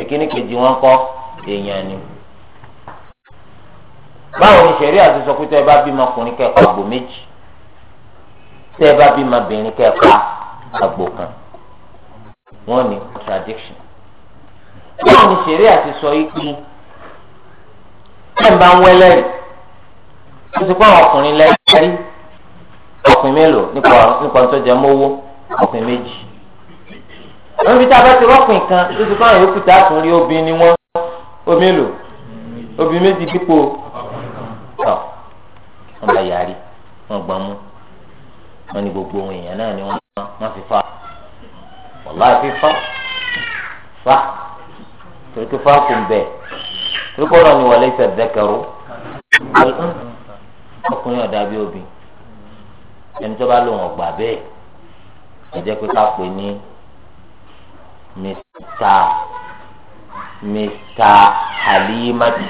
ìkíní kejì wọn kọ́ èèyàn ni báwo ni sẹ̀rí àti sọ pé tẹ́ ẹ bá bímọ ọkùnrin kẹ́ẹ̀kọ́ àgbò méjì tẹ́ ẹ bá bímọ obìnrin kẹ́ẹ̀kọ́ àgbò kan wọ́n ní contradiction. báwo ni sẹ̀rí àti sọ yìí pé tẹ́ ẹ bá ń wẹ́lẹ́ rí ó ti kọ́ àwọn ọkùnrin lẹ́rí ọkùnrin mélòó nípa tó jẹ mọ́wọ́ ọkùnrin méjì. wọ́n fi tá a bá ti rọ́pìn kan ó ti kọ́ àwọn yòókù tá a tún rí obìnrin wọn ó mélòó obìnrin méjì dípò tọ wọn bá yarí wọn gbọn mú wọn ni gbogbo ohun èèyàn náà ni wọn wọn fi fa wàlá fi fa fa torí pé fa kò ń bẹ torí pé ọlọ́ni wọlé sẹ̀dẹ́kẹ̀rú ọkùnrin ọ̀dà bí obì ẹni tó bá lò wọn gbà bẹ́ẹ̀ ẹ jẹ́ pé ká pè ní mista mista halimadi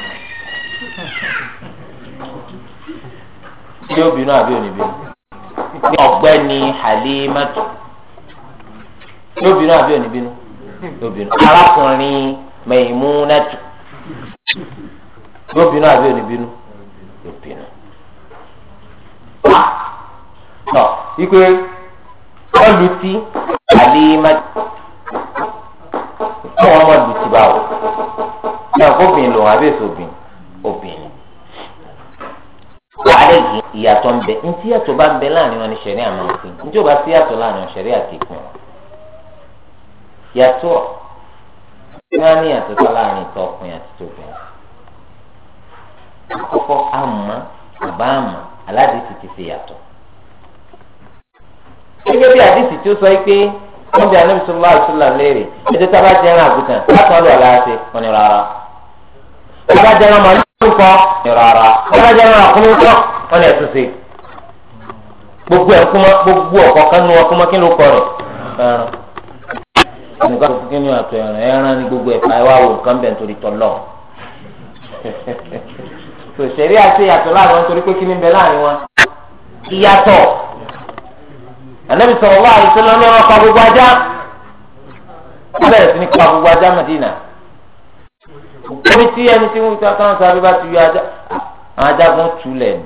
tí yóò bínú àbí òní bínú ní ọ̀gbẹ́ni Halimatu yóò bínú àbí òní bínú yóò bínú arákùnrin Maimunatu yóò bínú àbí òní bínú yóò bínú. Ah! tọ́ ikú ọlùtí Halimatu kí wọ́n lùtí báwò náà kó bìn àbí èso bìn obìn wàhálẹ̀ yìí ìyàtọ̀ ń bẹ ntí yàtọ̀ bá ń bẹ láàrin wọn ni sẹ̀ríà máa ń fún ntí ò bá sí yàtọ̀ láàrin wọn sẹ̀ríà kì í fún wọn. yàtọ̀ tí wọ́n á ní yàtọ̀ tó láàrin ìtọ̀ ọkùnrin àti tóbìnrin. àkọ́kọ́ àmọ́ àbá àmọ́ aládìsí ti ṣe yàtọ̀. gẹ́gẹ́ bí àdìsí tí ó sọ pé wọ́n bí anábì sọ́lá àṣùlá léèrè ẹ̀jẹ̀ tá a bá àgùntàn látọ̀ orúkọ ìrara ọlọ́jà náà kún mọ́ wọn lè tún sí gbogbo ẹ̀kú mọ́ gbogbo ọ̀kọ̀ kan nu ọkú mọ́ kí ló kọ rẹ̀ ẹran nígbà tó kí ni àtọ̀ ẹran ẹran ni gbogbo ẹ̀ka ẹ̀ wá wò nǹkan bẹ̀ nítorí tọ́lọ̀ sòṣèré (laughs) àti ìyàtọ̀ láàrin wọn torí pé kí ni bẹ láàrin wọn ìyàtọ̀ ànábì sọ̀rọ̀ wá àìsàn lọ́nà ọkọ̀ gbogbo ajá ó bẹ̀rẹ̀ sí ní kọ́ gbogbo ajá Mẹ́dínà omi tí ẹni tí wọ́n tán káwọn sábẹ́ bá ti yọ ajá àwọn ah, ajagun túlẹ̀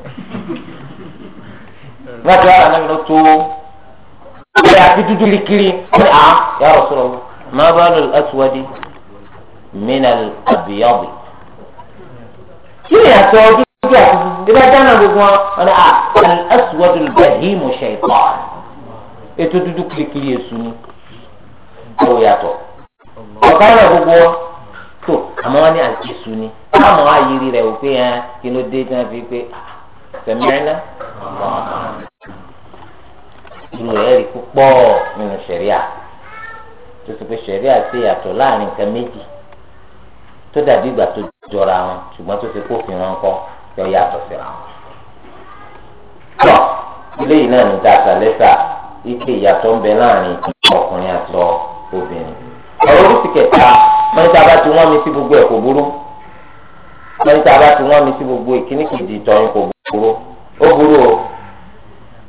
ni wọ́n ti wá ànábi lọ tó ọ̀rẹ́ àti dúdú likiri ọ̀rẹ́ à ah, yà rọ̀ sọ̀rọ̀ máa bá lọ ẹ̀sùwádìí mìíràn àbíyàbí kí ni àtọ́ ojú ojú àti dúdú dáná gbogbo wọn ọ̀rẹ́ à ẹ̀sùwádìí bẹ̀hí mo ṣe ìtọ́ ètò dúdú kirikiri èṣù ni ọ̀gá náà gbogbo wọn so àmọ́ wọn ní àjẹsù ni káwọn ayiri rẹ̀ wò pé ẹ kí ló dé tán fi pé sẹmẹ́rẹ́nà ah, irú rẹ̀ rí púpọ̀ nínú sẹ̀ríà tó ti pé sẹ̀ríà ṣe yàtọ̀ láàrin nǹkan méjì tó dàbí ìgbà tó jọra wọn ṣùgbọ́n tó ti kó fi wọn kọ́ yọ yàtọ̀ síra wọn. tọ́ ilé yìí náà ní dáta lẹ́sà ike ìyàtọ̀ ń bẹ láàrin ọkùnrin àti obìnrin. ọ̀rọ̀ orí ti kẹta wọ́n ní sábà tí wọ́n mi sí gbogbo ẹ̀ kò burú wọ́n ní sábà tí wọ́n mi sí gbogbo ìkíní kejì ìtọ́yìn kò burú ó burú o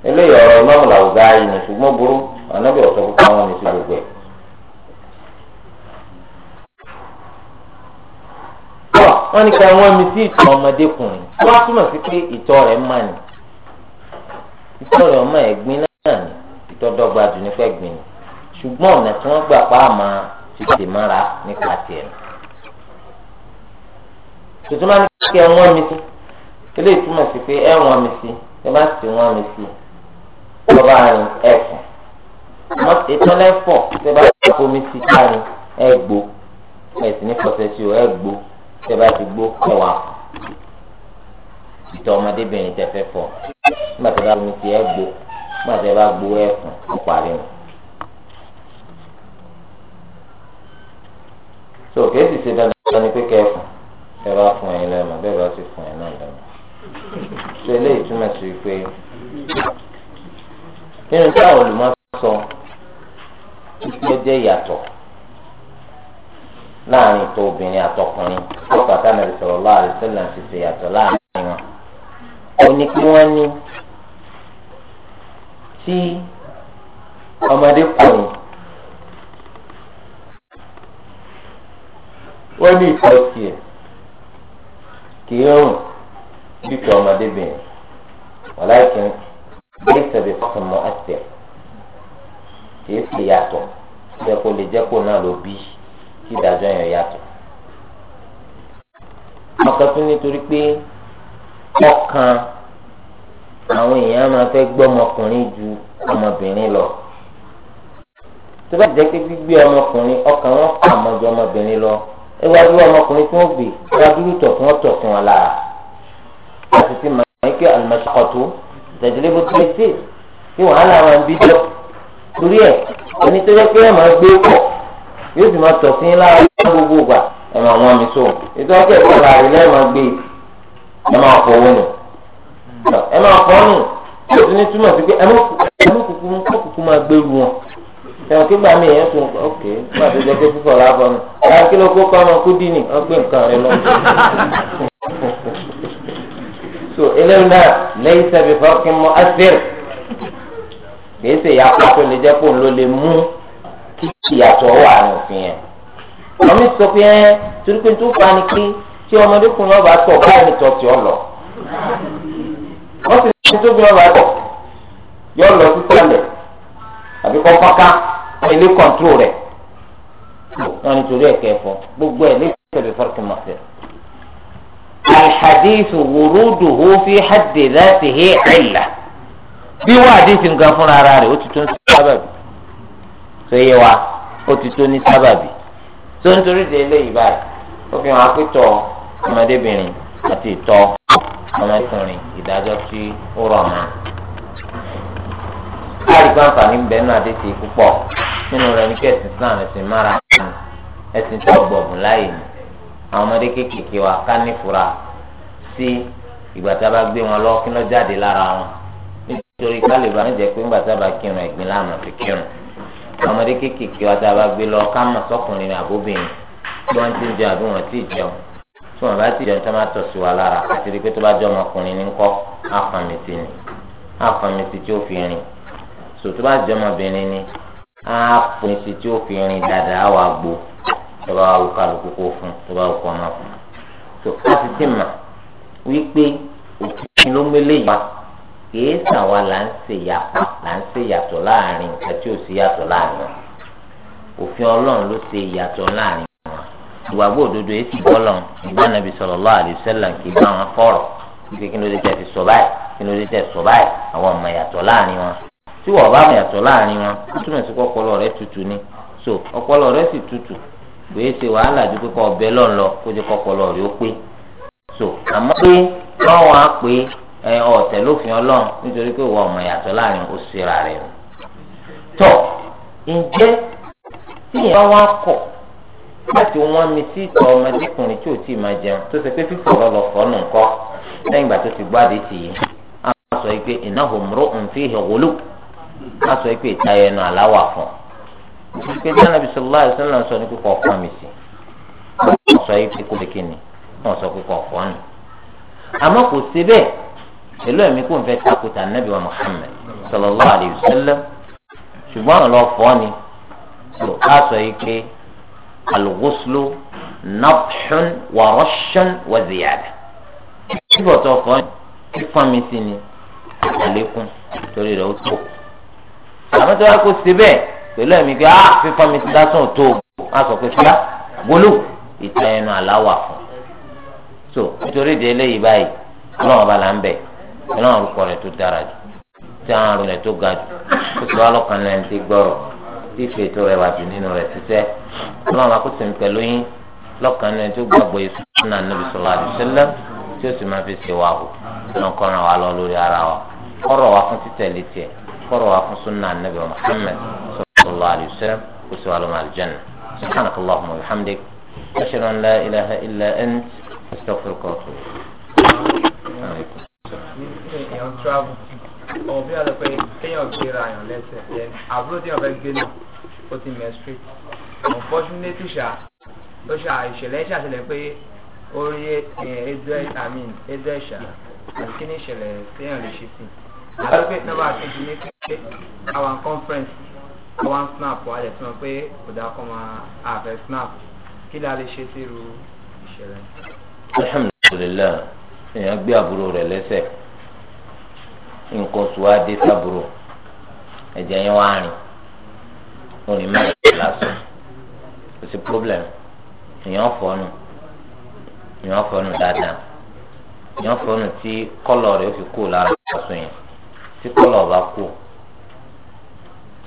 eléyìí ọ̀rọ̀ imáàmù làwùjá yìí ni ṣùgbọ́n burú ànábì ọ̀sọ́ fún káwọn mi sí gbogbo ẹ̀. wọ́n ní ká wọ́n mi sí ìtọ̀ ọmọdékùnrin wọ́n á túmọ̀ sí pé ìtọ̀ rẹ̀ mà ní ìtọ̀ rẹ̀ ọmọ ẹ̀gbin náà ní ìtọ̀ dọ́gba jù nípa ẹ̀gbin ṣùgbọ́n ọ̀nà tí wọ́n gbà pa àmà títì mọ́ra nípa tiẹ̀ nù. tuntun máa ń kí ẹ wọ́n mi sí eléyìí túmọ̀ sí pé ẹ wọ́n mi sí ẹ bá sì wọ́n mi sí ọba àrùn ẹ̀fọn mọ ìtọ́lẹ́fọ̀ tẹ bá fomi sí káàrin ẹ gbó ẹ sì ní pọ̀sẹ̀sì ẹ gbó tẹ bá ti gbó ẹ wà fún ìtọ́ ọmọdébìnrin tẹ fẹ́ fọ nígbà tẹ bá fomi sí ẹ gbó nígbà tẹ bá gbó ẹ fún ọ̀parí wọn. so kìí sì ṣe dandan ni pé kẹ́ ẹ fún ẹ bá fún ẹyin lẹ́nu bẹ́ẹ̀ bá sì fún ẹ náà lẹ́nu so eléyìí túmọ̀ sí pé nínú tí àwọn olùmọ̀ sọ títí ó jẹ́ ìyàtọ̀ láàrin tó obìnrin àtọkùnrin tó pàtà nàbì sọ̀rọ̀ lọ́wọ́ àdìsẹ́lẹ̀ ti ṣe ìyàtọ̀ láàrin wọn ó ní kí wọ́n ní tí ọmọdékùnrin. wọ́n ní ìtọ́ tiẹ̀ kì í rùn bí ìtọ́ ọmọdébìnrin wàláìkín bí ìtẹ̀bí fọ́tọ̀mọ́ ẹ̀tẹ̀ kì í sì yàtọ̀ jẹ́ kó lè jẹ́ kó náà ló bí kí ìdájọ́ yẹn yàtọ̀. ọkàn tún nítorí pé ọkàn àwọn èèyàn máa fẹ́ gbọ́ ọmọkùnrin ju ọmọbìnrin lọ tó bá jẹ́ pé gbígbé ọmọkùnrin ọkàn wọn kà mọ́jọ ọmọbìnrin lọ ẹwà bí ọmọkùnrin tí wọn bì ẹwà bí lùtọ̀ tí wọn tọ̀ fún wọn lára àti ti mọ̀ ẹ́ kí àlùmọ̀ṣọ́kọ̀tù tẹ̀lé bó tilẹ̀ sí tí wàhálà wọn bí jọ torí ẹ̀ ẹni tó yẹ pé ẹ̀ máa gbé pọ̀ yóò sì máa tọ̀ sí lára ní gbogbo ìgbà ẹ̀ máa wọ́n mi sọ ètò ọ̀kẹ́ ẹ̀kọ́ la rẹ̀ lẹ́ẹ̀ máa gbé ẹ̀ máa fọ owó nù ẹ̀ máa fọ́ nù tí òtún ní túmọ̀ sí pé ẹ̀ kúkú máa gbé ru wọn ẹ̀wọ̀n kígbà mi yẹn fún ok nígbà tó jẹ́ pé fífọ̀ rà bọ̀ mi ara kí ló kó kọ́ ọmọ kú dì ní wọ́n nǹkan rẹ lọ. so eléyìí náà lẹ́yìn sẹ́bi fọ́ọ̀kì mọ́ ásír kìí ṣe ìyàpá tó lè jẹ́ pò ń lò lè mú kí ìyàtọ̀ wà ní òfin yẹn. ọmọ sọ pé ẹ torí pé tó fa ni pé tí ọmọdékùnrin ọba tọ̀ báyìí ni tọ̀ tí ọ lọ. wọ́n sì ní tóbi ọba tọ̀ yọ lọ sí tọ́lẹ̀ àbí kọ́ fọ́ká àwọn ilé kọ̀ǹtró rẹ̀ wọn nítorí ẹ̀kẹ́ fọ gbogbo ẹ̀ lè tẹ̀lé fọ́ọ̀kì mọ̀tẹ́. الحديث وروده في حد ذاته علة bí wọ́n àdìsí nǹkan fúnra ara rẹ̀ ó ti tó ní sábàbí tó yẹ wa ó ti tó ní sábàbí tó ń torí de eléyìí báyìí ó fi hàn apítọ̀ ọmọdébìnrin àti ìtọ̀ ọmọkùnrin ìdájọ́ tí ó rọ̀ mọ́ àìgbà àǹfààní bẹ́ẹ̀ náà dé ti púpọ̀ nínú rẹ̀ ní kí ẹ̀sìn Islam ẹ̀sìn mara ni ẹ̀sìn tó gbọ̀gùn láàyè ni àwọn ọmọdé kéékèèké wa ká nífura sí ìgbà tá a bá gbé wọn lọ kí lọ jáde lára wọn nítorí kálíbà ń jẹ pé ńgbà tá a bá kírun ẹ̀gbin láàmú fi kírun àwọn ọmọdé kéékèèké wa tá a bá gbé lọ ká mọ̀ sọ́kùnrin àbóbìnrin tí wọ́n ti ń jẹun àbí wọ́n ti jẹun tí wọ́n bá ti jẹun tó sòtú bá jẹ́ ni á pín sí tí ó fi rin dáadáa wà gbó tó bá wù kálukú kó fún tó bá ọmọ fún tó a ti ti mà wípé òfin ló mélé yìí wá kìí sàwa là ń ṣe yàtọ̀ là ń ṣe yàtọ̀ láàrin nǹkan tí ò sí yàtọ̀ láàrin wọn òfin ọlọ́run ló ṣe yàtọ̀ láàrin wọn ìwàgbọ́ òdodo èsì bọ́lọ̀n ìgbà nàbì sallallahu alaihi wasallam kì í bá wọn fọ̀rọ̀ kí ló dé tẹ̀ sọ báyìí kí ló dé tẹ̀ sọ báyìí àwọn ọmọ yàtọ̀ láàrin wọn tí wọ́n bá yàtọ̀ láàrin wọn túmọ̀ sí ọpọlọ rẹ tutù ni so ọpọlọ rẹ sì tutù kò ṣe wàhálà ju pé kọ́ ọbẹ̀ lọ́n lọ kó jẹ́ kọ́pọlọ rẹ pé so àmọ́ pé pé ọ̀tẹ̀ lófin ọlọ́run nítorí pé ọmọ yàtọ̀ láàrin ó ṣera o tọ ǹjẹ́ tí wa kọ̀ láti wọ́n mi ká sọ pé ìtayọ ẹnu àláwà fún ọ pé tí anabi sọlá ẹsẹ náà sọ ní kíkọ ọkọ mi sí wọn sọ pé kó lè kíni wọn sọ pé kọ ọkọ nù àmọ́ kò sí bẹ́ẹ̀ pẹ̀lú ẹ̀mí kò ń fẹ́ takuta anabi wa Muhammad sallallahu alayhi wa sallam ṣùgbọ́n àwọn ni tó ká sọ pé alghuslu wa rashun wa ziyada síbọ̀ fọ́ ni fífọ́n mi sí ni àlékún torí rẹ̀ ó tó àmọ́ tí wọ́n kó síbẹ̀ pẹ̀lú ẹ̀mí pé ah fífọ́ mi ti dásùn tó a sọ pé fíà gbólù ìtàn ẹnu àláwà fún so nítorí ìdí eléyìí báyìí ọlọ́run ọba là ń bẹ̀ ọlọ́run orúkọ rẹ̀ tó dára jù tí àwọn àrùn rẹ̀ tó ga jù ó sì wá lọ́kàn lẹ́yìn tí gbọ́rọ̀ tí ìfètò rẹ̀ wà jù nínú rẹ̀ ṣiṣẹ́ ọlọ́run akóso mi pẹ̀lú yín lọ́kàn lẹ́yìn tó gbàgbọ́ yìí sọ́nà kọ́rọ̀ wa fún sunna anabi muhammed sallallahu alayhi wa sallam kò sí wàhálà máa aljanna subhanak allahumma wa bihamdik ashhadu an la ilaha òbí àti pé kéèyàn gbéra àyàn lẹ́sẹ̀ then àbúrò tí wọ́n fẹ́ gbé náà ó ti menstruate unfortunately ṣá ló ṣá ìṣẹ̀lẹ̀ ṣàṣẹlẹ̀ pé orí ẹ̀ẹ́dẹ́ àmì ẹ̀ẹ́dẹ́ ṣá àti kí ni ìṣẹ̀lẹ̀ téèyàn lè ṣe sí i àbẹ́pẹ́ nọ́mbà àti ìdílé àwọn conference àwọn snap wà lẹ̀ tí wọ́n pé kódà kọ́ máa àfẹ́ snap kí la lè ṣe sí irú ìṣẹ̀lẹ̀. alhamdulilayi èèyàn gbé àbúrò rẹ̀ lẹ́sẹ̀ nǹkan oṣù wa dé sábúrò ẹ̀jẹ̀ yẹn wá rìn orin máa yẹ lásán kò sí problem èèyàn fọnù èèyàn fọnù dáadáa èèyàn fọnù tí kọ́lọ̀ rẹ̀ ó fi kú lára lásán yẹn tí kọ́lọ̀ ọba kú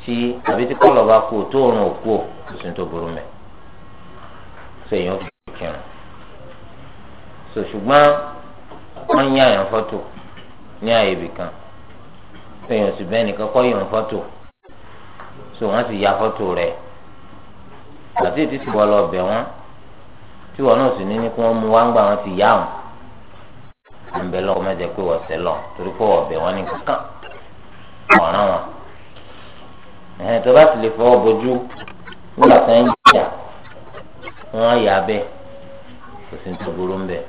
tí àbí tí kọ́lọ̀ bá kú tó òrùn òkú ò tuntun tó burú mẹ́ so èèyàn fi kírun so ṣùgbọ́n wọ́n ń yàyàn ní àyè ibì kan so bẹ́ẹ̀ nìkan kọ́ yàn fọ́tò so wọ́n sì ya fọ́tò rẹ̀ àti ètí tí wọ́n lọ bẹ̀ wọ́n tí wọ́n náà sì ní ní kí wọ́n mú wá ń gbà wọ́n ti yá wọn à ń bẹ pé wọ́n sẹ́ torí pé wọ́n bẹ̀ wọ́n ní kankan ọ̀ràn wọn ẹ̀hìn tó bá sì lè fọwọ́ bojú nígbà tó ń jà wọ́n yà bẹ́ẹ̀ kò sí tó burú ń bẹ̀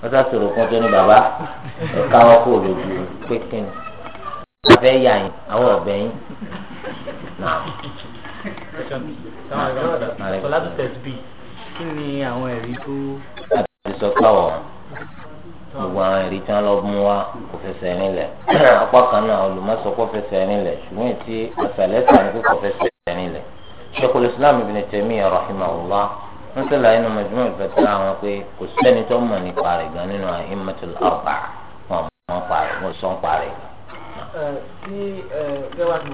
wọ́n sá sọ̀rọ̀ kan tó ní bàbá ẹ̀ka wọn kò lójú pé kí ni wọ́n fẹ́ yà yín àwọn ọ̀bẹ yín kí ni àwọn ẹ̀rí tó. láti sọ pé gbogbo àwọn ẹ̀rí tí wọ́n lọ mú wa kò fẹsẹ̀ nílẹ̀ (clears throat) apá kan náà olùmọ̀sọ́kọ́ fẹsẹ̀ nílẹ̀ ṣùgbọ́n ètí àṣàlẹ́sà ní kò fẹsẹ̀ nílẹ̀ Sheikhul Islam Ibn Taymiyyah rahimahullah ń sẹ́la inú Majmu' al-Fatawa àwọn pé kò sẹ́ni tó mọ̀ nípa rẹ̀ gan nínú a'immatul arba'a wọn mọ̀ parẹ̀ wọn sọ parẹ̀. tí gẹ́wà tí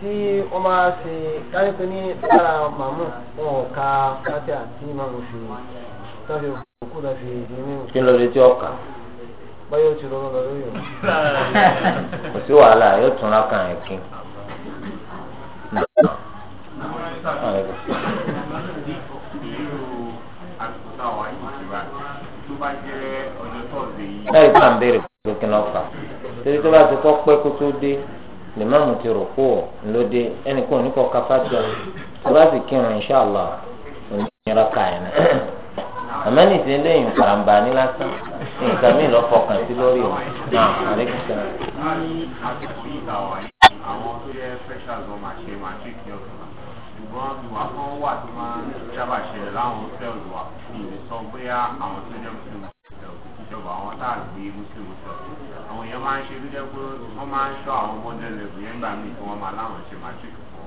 tí wọ́n máa ṣe káyọ̀ pé ní lára màmú wọn ò ka káṣí àti màmú fi tọ́jú òkú náà fi ìdí mímu. kí ló dé tí ọkà. báyọ̀ ó ti rọrọ lọ lórí o. kò sí wàhálà yóò tún ra kàn yín kí. ẹ gbà ń béèrè pé kí ló fà torí tó bá ti kọ́ pẹ́ kó tó dé limamu ti rò kó lóde ẹnì kan oníkọ káfátíà tó bá sì kírun inṣàlá onírà káyìn àmọ́ ní ti lẹ́yìn karambà ní lásán nǹkan mi lọ́ fọkàn sí lórí o náà àlékún sẹ́yìn. wọ́n ní àkókò ìta wà ní àwọn tó yẹ fẹ́ṣà lọ máa ṣe máa ṣe kí ọ̀sán ṣùgbọ́n ìwà kan wà tó máa ń láwọn sẹ́ẹ̀lù wa kì í àwọn tó jẹ́ èèyàn máa ń ṣe bí jẹ́ pé wọ́n máa ń ṣọ́ àwọn ọmọdé rẹ̀ kò yẹn gbà mí kí wọ́n máa láwọn ṣe matric fún tó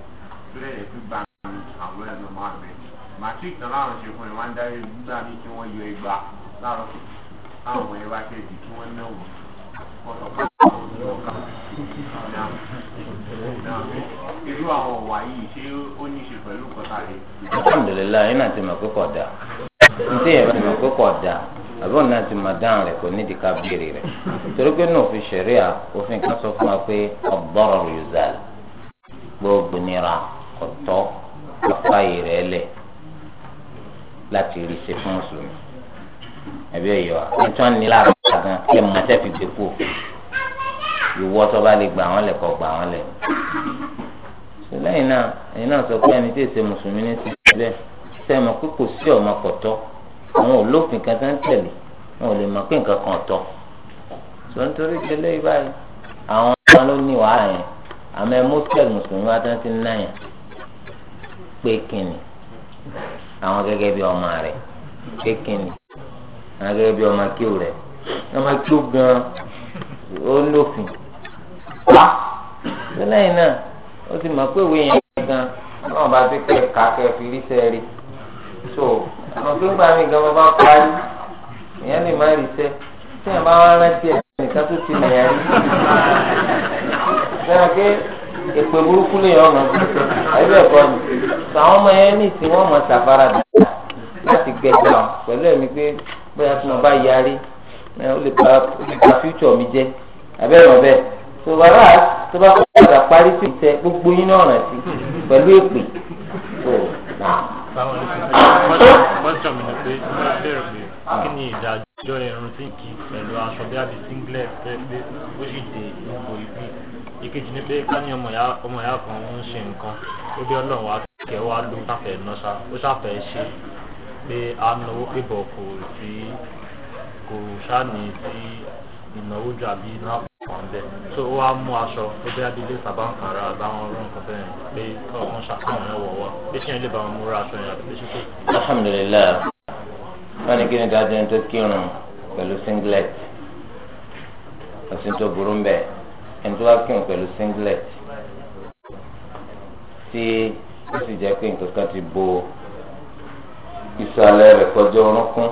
lè yẹ pé gbà mí àwọn ẹ̀rọ máa bẹ̀. matric náà láwọn ṣe fún ẹ̀ wọ́n á dárí gbà mí kí wọ́n yọ igba láàárọ̀ káwọn ọmọ yẹn bá tẹ̀ di kí wọ́n náwó kọ́tọ̀ irú àwọn ọ̀wà yìí ṣé ó ní ṣe pẹ̀lú kọ́tà rẹ̀. alhamdulilayi náà ti mọ̀ pé kọ̀ dà ní tí yẹn bá ti mọ̀ pé kọ̀ dà àbí ọ̀nà àti màdán rẹ̀ kò nídìí ká béèrè rẹ̀ torí pé náà òfin ṣẹ̀ríà òfin kan sọ fún wa pé ọ̀bọ̀rọ̀ yòzàl gbogbo nira ọ̀tọ́ afáyè rẹ̀ lẹ̀ láti rí ṣe fún mùsùlùmí ẹbí ẹ̀yọ́ ẹ̀tọ́ ni lára gan kí ẹ̀ mọ ẹsẹ̀ fi gbé kú ìwọ tó bá lè gbà wọ́n lẹ̀ kọ́ gbà wọ́n lẹ̀ lẹ́yìn náà ẹ̀yin náà sọ pé ẹni tí èsè àwọn olófin kan tó ń tẹ̀lé wọn ò lè mọ̀ pé nǹkan kan tọ́ sọ nítorí délé báyìí àwọn kan ló ní wàhálà yẹn àmọ́ ẹ mọ́tẹ́l mùsùlùmí wa tó ń ti ń náyà pé kìnnì àwọn gẹ́gẹ́ bí ọmọ rẹ̀ pé kìnnì àwọn gẹ́gẹ́ bí ọmọ kíw rẹ̀ ọmọ kíw gan ó lófin pa lẹ́yìn náà ó ti mọ̀ pé ìwé yẹn gan náà bá ti kẹ́ ká kẹ́ fi rí sẹ́ẹ̀rí so àmọ́ pé ńgbà mí gan mo bá parí èèyàn lè má rí sẹ́ tí èèyàn bá wá rántí ẹ̀ nìkan tó ti lẹ̀yà rí sẹ́wọ̀n pé èpè burúkú lè yọ̀ ọ̀nà ẹgbẹ́ ẹ̀kọ́ ni àwọn ọmọ yẹn ní ìsìn wọn mọ̀ ṣàfaradà láti gbẹ̀jà pẹ̀lú ẹ̀mí pé bóyá tí wọn bá yarí ó lè ba future mi jẹ́ abẹ́rẹ́ ọ̀bẹ́ tó bá rà tó bá kọ́ ọ̀dà parí sí ìtẹ́ gbogbo yín náà rántí pẹ̀lú èpè tó náà báwọn lè fi question mi ni pé mo bẹ̀rẹ̀ pé kí ni ìdájọ́ irun tí kì í pẹ̀lú aṣọ bí àbí singlet fẹ́ pé ó sì dé ipò ibi ìkejì ni pé ká ní ọmọ ìyá kan ń ṣe nǹkan ó bí ọlọ́run wa kẹ́ wa ló sáfẹ́ ná sa ó sáfẹ́ ṣe pé a náwó pébọ̀ kò sí kò sáà ní sí ìnáwó jù àbí iná kan bẹ́ẹ̀ so ó wá mú aṣọ ó bẹ́ẹ̀ bí ilé sábà ń kàrà àbáwọn ọlọ́run kan bẹ́ẹ̀ pé ọ̀kan ṣàkóhun ẹ̀ wọ̀wọ́ pé ṣé ẹ lè bá wọn múra aṣọ yẹn àti pé ṣé. alhamdulilayi wọn ní kí ni dáadé tó kírun pẹ̀lú singlet òsín tó burú mbẹ ẹni tó bá kírun pẹ̀lú singlet tí ó sì jẹ́ pé nǹkan kan ti bo ìsàlẹ̀ rẹ̀ kọjá orúnkún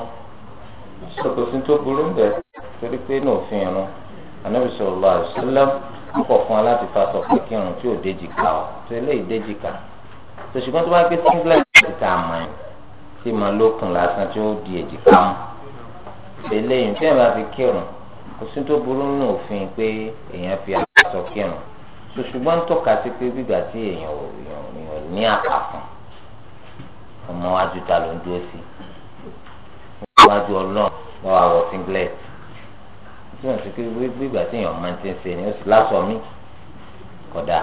sọ̀tòsín tó burú mbẹ torí pé ní òfin irun anabi sallallahu alaihi wasallam kọ̀ fún wa láti fa sọ̀kè kírun tí ò déjìká ọ̀ tó eléyìí déjìká tó ṣùgbọ́n tó bá gbé singlet ti ta àmọ́ ẹ̀ tí màá lókun lásán tí ó di èjìká mu eléyìí tí ẹ̀ bá fi kírun kò sí tó burú nù òfin pé èèyàn fi aṣọ kírun tó ṣùgbọ́n ń tọ́ka sí pé gbígbà tí èèyàn ò ní àpá fún ọmọ wájú ta ló ń dúró sí wájú ọlọ́run lọ́wọ́ àwọ̀ singlet tí wọ́n ti ké gbé ìgbà tí èèyàn máa ti ń ṣe ni ó sì lásọ mí kódà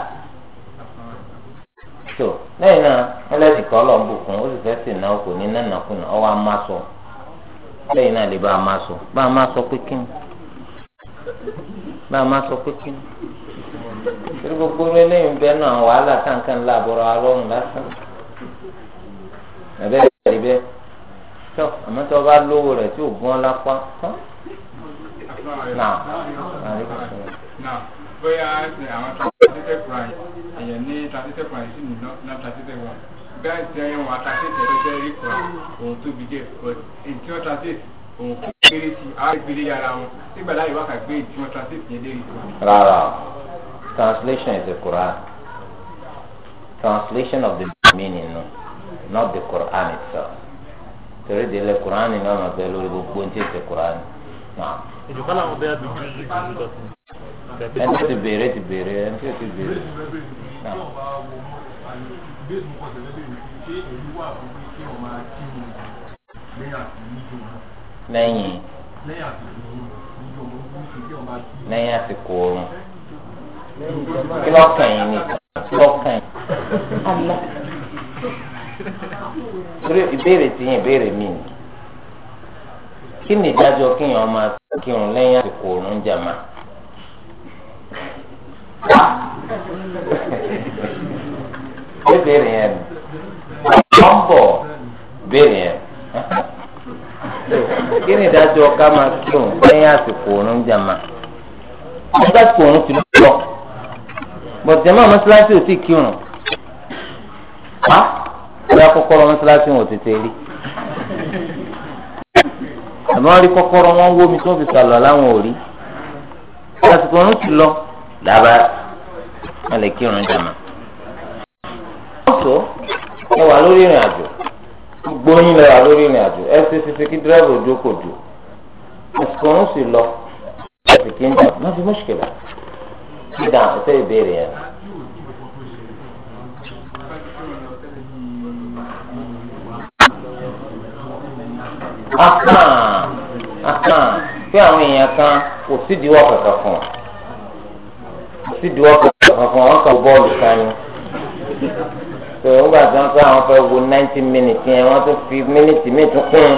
tó lẹ́yìn náà ẹlẹ́sìn kan lọ bùkún ó sì fẹ́ sì náà kò ní nánàkùnà ọwọ́ amásọ lẹ́yìn náà lè bá a máa sọ bá a máa sọ pé kí ni bá a máa sọ pé kí ni torí gbogbo eléyìí bẹ́ẹ̀ náà wàhálà táǹkà ńlá àbọ̀rọ̀ alọ́run lásán ẹ̀bẹ́ rẹ̀ bẹ́ẹ̀ tó àmọ́ tó bá lówó rẹ̀ tí ò gbọ́n lápá tán náà. náà bóyá eh, àwọn transatlantic price èèyàn ní transatlantic price sì ní non transatlantic one bẹ́ẹ̀ tí ẹyẹ wọn àtàtẹ̀tẹ̀ tó jẹ́ rí kan òun tóbi jẹ́ ètí wọn transit òun kéré sí àgbélé yàrá wọn nígbà láyé wákà gbé ètí wọn transit yẹn dé rí kan. rárá translation is the Quran translation of the meaning not the Quran itself torí délé Quran is wọn máa bẹ lórí gbogbo ní tẹsẹ Quran náà ìjọba làwọn bẹ́ẹ̀ bí jù ìjọ sí. ẹni tí béèrè ti béèrè ẹni tí ó ti béèrè. lẹ́yìn lẹ́yìn àsìkò oorun kí lọ́kàn yín ni kí lọ́kàn yín. ìbéèrè ti yín ìbéèrè mi ni. kí ni ìdájọ́ kéèyàn máa kírun lẹ́yìn àsìkò òrùn jàmá. ó béèrè yẹn bọ̀ béèrè yẹn kí ni ìdájọ́ ká máa kírun lẹ́yìn àsìkò àmọ́ rí kọ́kọ́rọ́ wọn wó mi tó fi sàlọ̀ láwọn ò rí lásìkò ọ̀run ti lọ dábàá wọn lè kírun jàmá. ọ̀sọ́ ẹ wà lórí ìrìn àjò gbogbo yín lẹ wà lórí ìrìn àjò ẹ ṣe ṣiṣẹ́ kí dírẹ́bù ojú kò jù lásìkò ọ̀run sì lọ ẹ kí ń jà má fi mọ́ṣíkìlá kí dàn ẹsẹ̀ ìbéèrè yẹn. Ah, pé àwọn èèyàn kan kò sídìíwọ́ kankan fún wọn kò sídìíwọ́ kankan fún wọn wọn kàn bọ́ọ̀lù kan ni tó o gbà tó ń pẹ́ àwọn fẹ́ wo ninety minutes yẹn wọ́n tún fi mínítì míì tún kún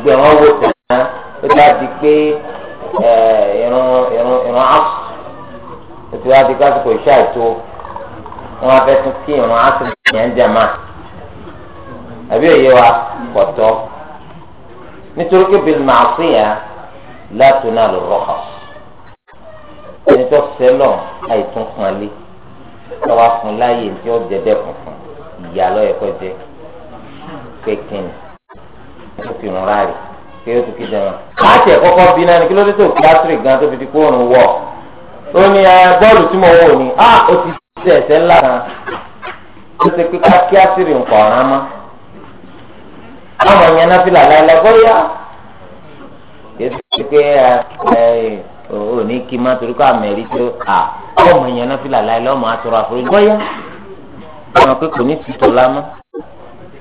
gbogbo àwọn wo tán ó dá di pé ìrun ìrun ìrun áṣù ètò wa di kásìkò iṣẹ́ àìtó wọn á fẹ́ tún kí ìrun áṣù yẹn jẹ máa àbí òye wa pọ̀ tọ́ nítorí pé bil ma'siyah la tunalu rukhas ẹni tó sẹ́lọ̀ àìtún kan lé lọ́wọ́ fún láàyè tí ó jẹ́jẹ́ funfun ìyá lọ́yẹ̀ kọ́ jẹ́ kékin tó fi rún ráàlì kí ó tún kí jẹun. láti ẹ̀kọ́kọ́ bí náà ni kí ló dé tó kílásírì gan tó fi di kóòrùn wọ̀ ó ní bọ́ọ̀lù tí mo wò ní ah, ó ti ṣe ẹ̀sẹ̀ ńlá kan ó ti pé ká nǹkan ọ̀ràn mọ́ àwọn ọmọ yẹn náà fi là láìláì bóyá kìí pé ẹ o ní kí má torí kó àmẹ́rí tó a ọmọ yẹn náà fi là láìláì ọmọ àtọrọ àforíjì bóyá ọmọ pé kò ní tutù lámọ́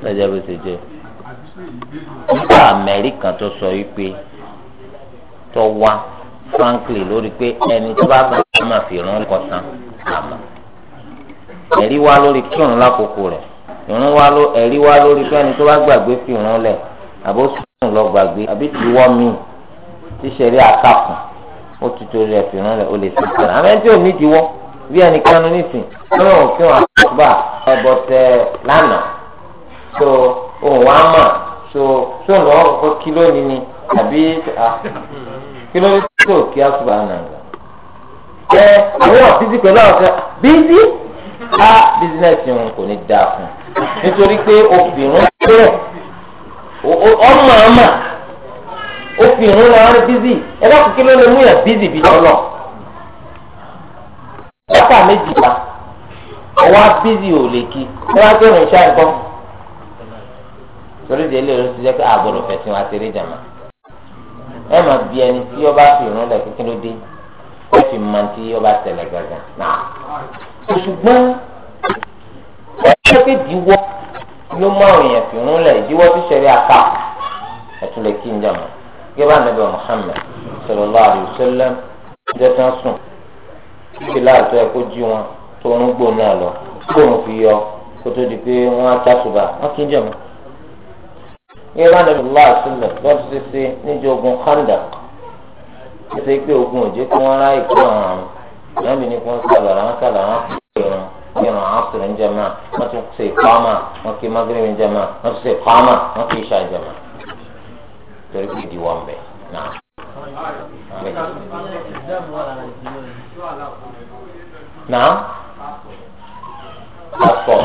lọ́jọ́ bó ṣe jẹ́ nípa àmẹ́rí kan tó sọ wípé tó wá frankly lórí pé ẹni tó bá bá máa fi rán lẹ́kọ̀ọ́ sàn àmọ́ ẹ̀rí wá lórí kírun lákòókò rẹ̀ ìrún wa ló ẹ̀rí wa lórí pé ẹni tó bá gbàgbé fi ìrún lẹ̀ àbó sùn lọ gbàgbé àbí tìwọ́ mi tí sẹ̀rí àkàkùn ó ti torí ẹ̀ fi ìrún lẹ̀ ó lè fi ìrún àmọ́ ẹni tí ò ní ìdíwọ́ bí ẹni kanu nísìn lọ́nà òfin àkọ́gbà ẹ̀bọ̀ tẹ lánàá so òun wá mà so so lọ́ kọ́kọ́ kí lónìí ni àbí kí lónìí tó kí á sùn àná ẹ àwọn ọ̀fíìsì pẹ̀lú àwọn ọ̀fẹ́ bísí á bísínẹ́sì òun kò ní dáa fún un nítorí pé obìnrin bẹ̀rẹ̀ ọmọ àmà obìnrin náà rẹ bízì ẹ bá kékeré lè mú yàn bízì bí lọ́lọ́ lọ́tà méjì wá ọwọ́ bízì ò lè kí ẹ bá gbẹ̀rù ìṣá ẹ̀kọ́ torí délé ló ti jẹ́ pé àgbọ̀dọ̀ fẹ̀sìn wa ṣeré jàmá ẹ máa bí ẹni tí ọba fìrún lẹ̀ kékeré dé ó fi máa ti ọba tẹ̀lẹ̀ gàgà náà ṣùgbọ́n wọ́n ti diwọ́ ló mú àwọn èèyàn fi rún lẹ̀ ìdíwọ́ ti ṣẹlẹ̀ àká ẹ̀tún lè kí n jà mọ́ gẹ́gẹ́ bá nàbẹ̀ Muhammad sallallahu alaihi wasallam ìjọ tí wọ́n sùn kíkì láàtọ́ ẹ̀ kó jí wọn tó ń gbò náà lọ kó òun fi yọ kó tó di pé wọ́n á tásùbà wọ́n kí n jà mọ́. gẹ́gẹ́ bá nàbẹ̀ sallallahu alaihi wasallam lọ́n ṣe níjọ ogun Khandaq ṣe pé ogun òjé kí wọ́n ráyè kó ìrun ìrun àásùrù ń jẹma wọn tún ṣe ìpamà wọn kì í magrebi ń jẹma wọn tún ṣe ìpamà wọn kì í ṣe àjẹmà torí kò di wọn bẹ náà. náà ọkọ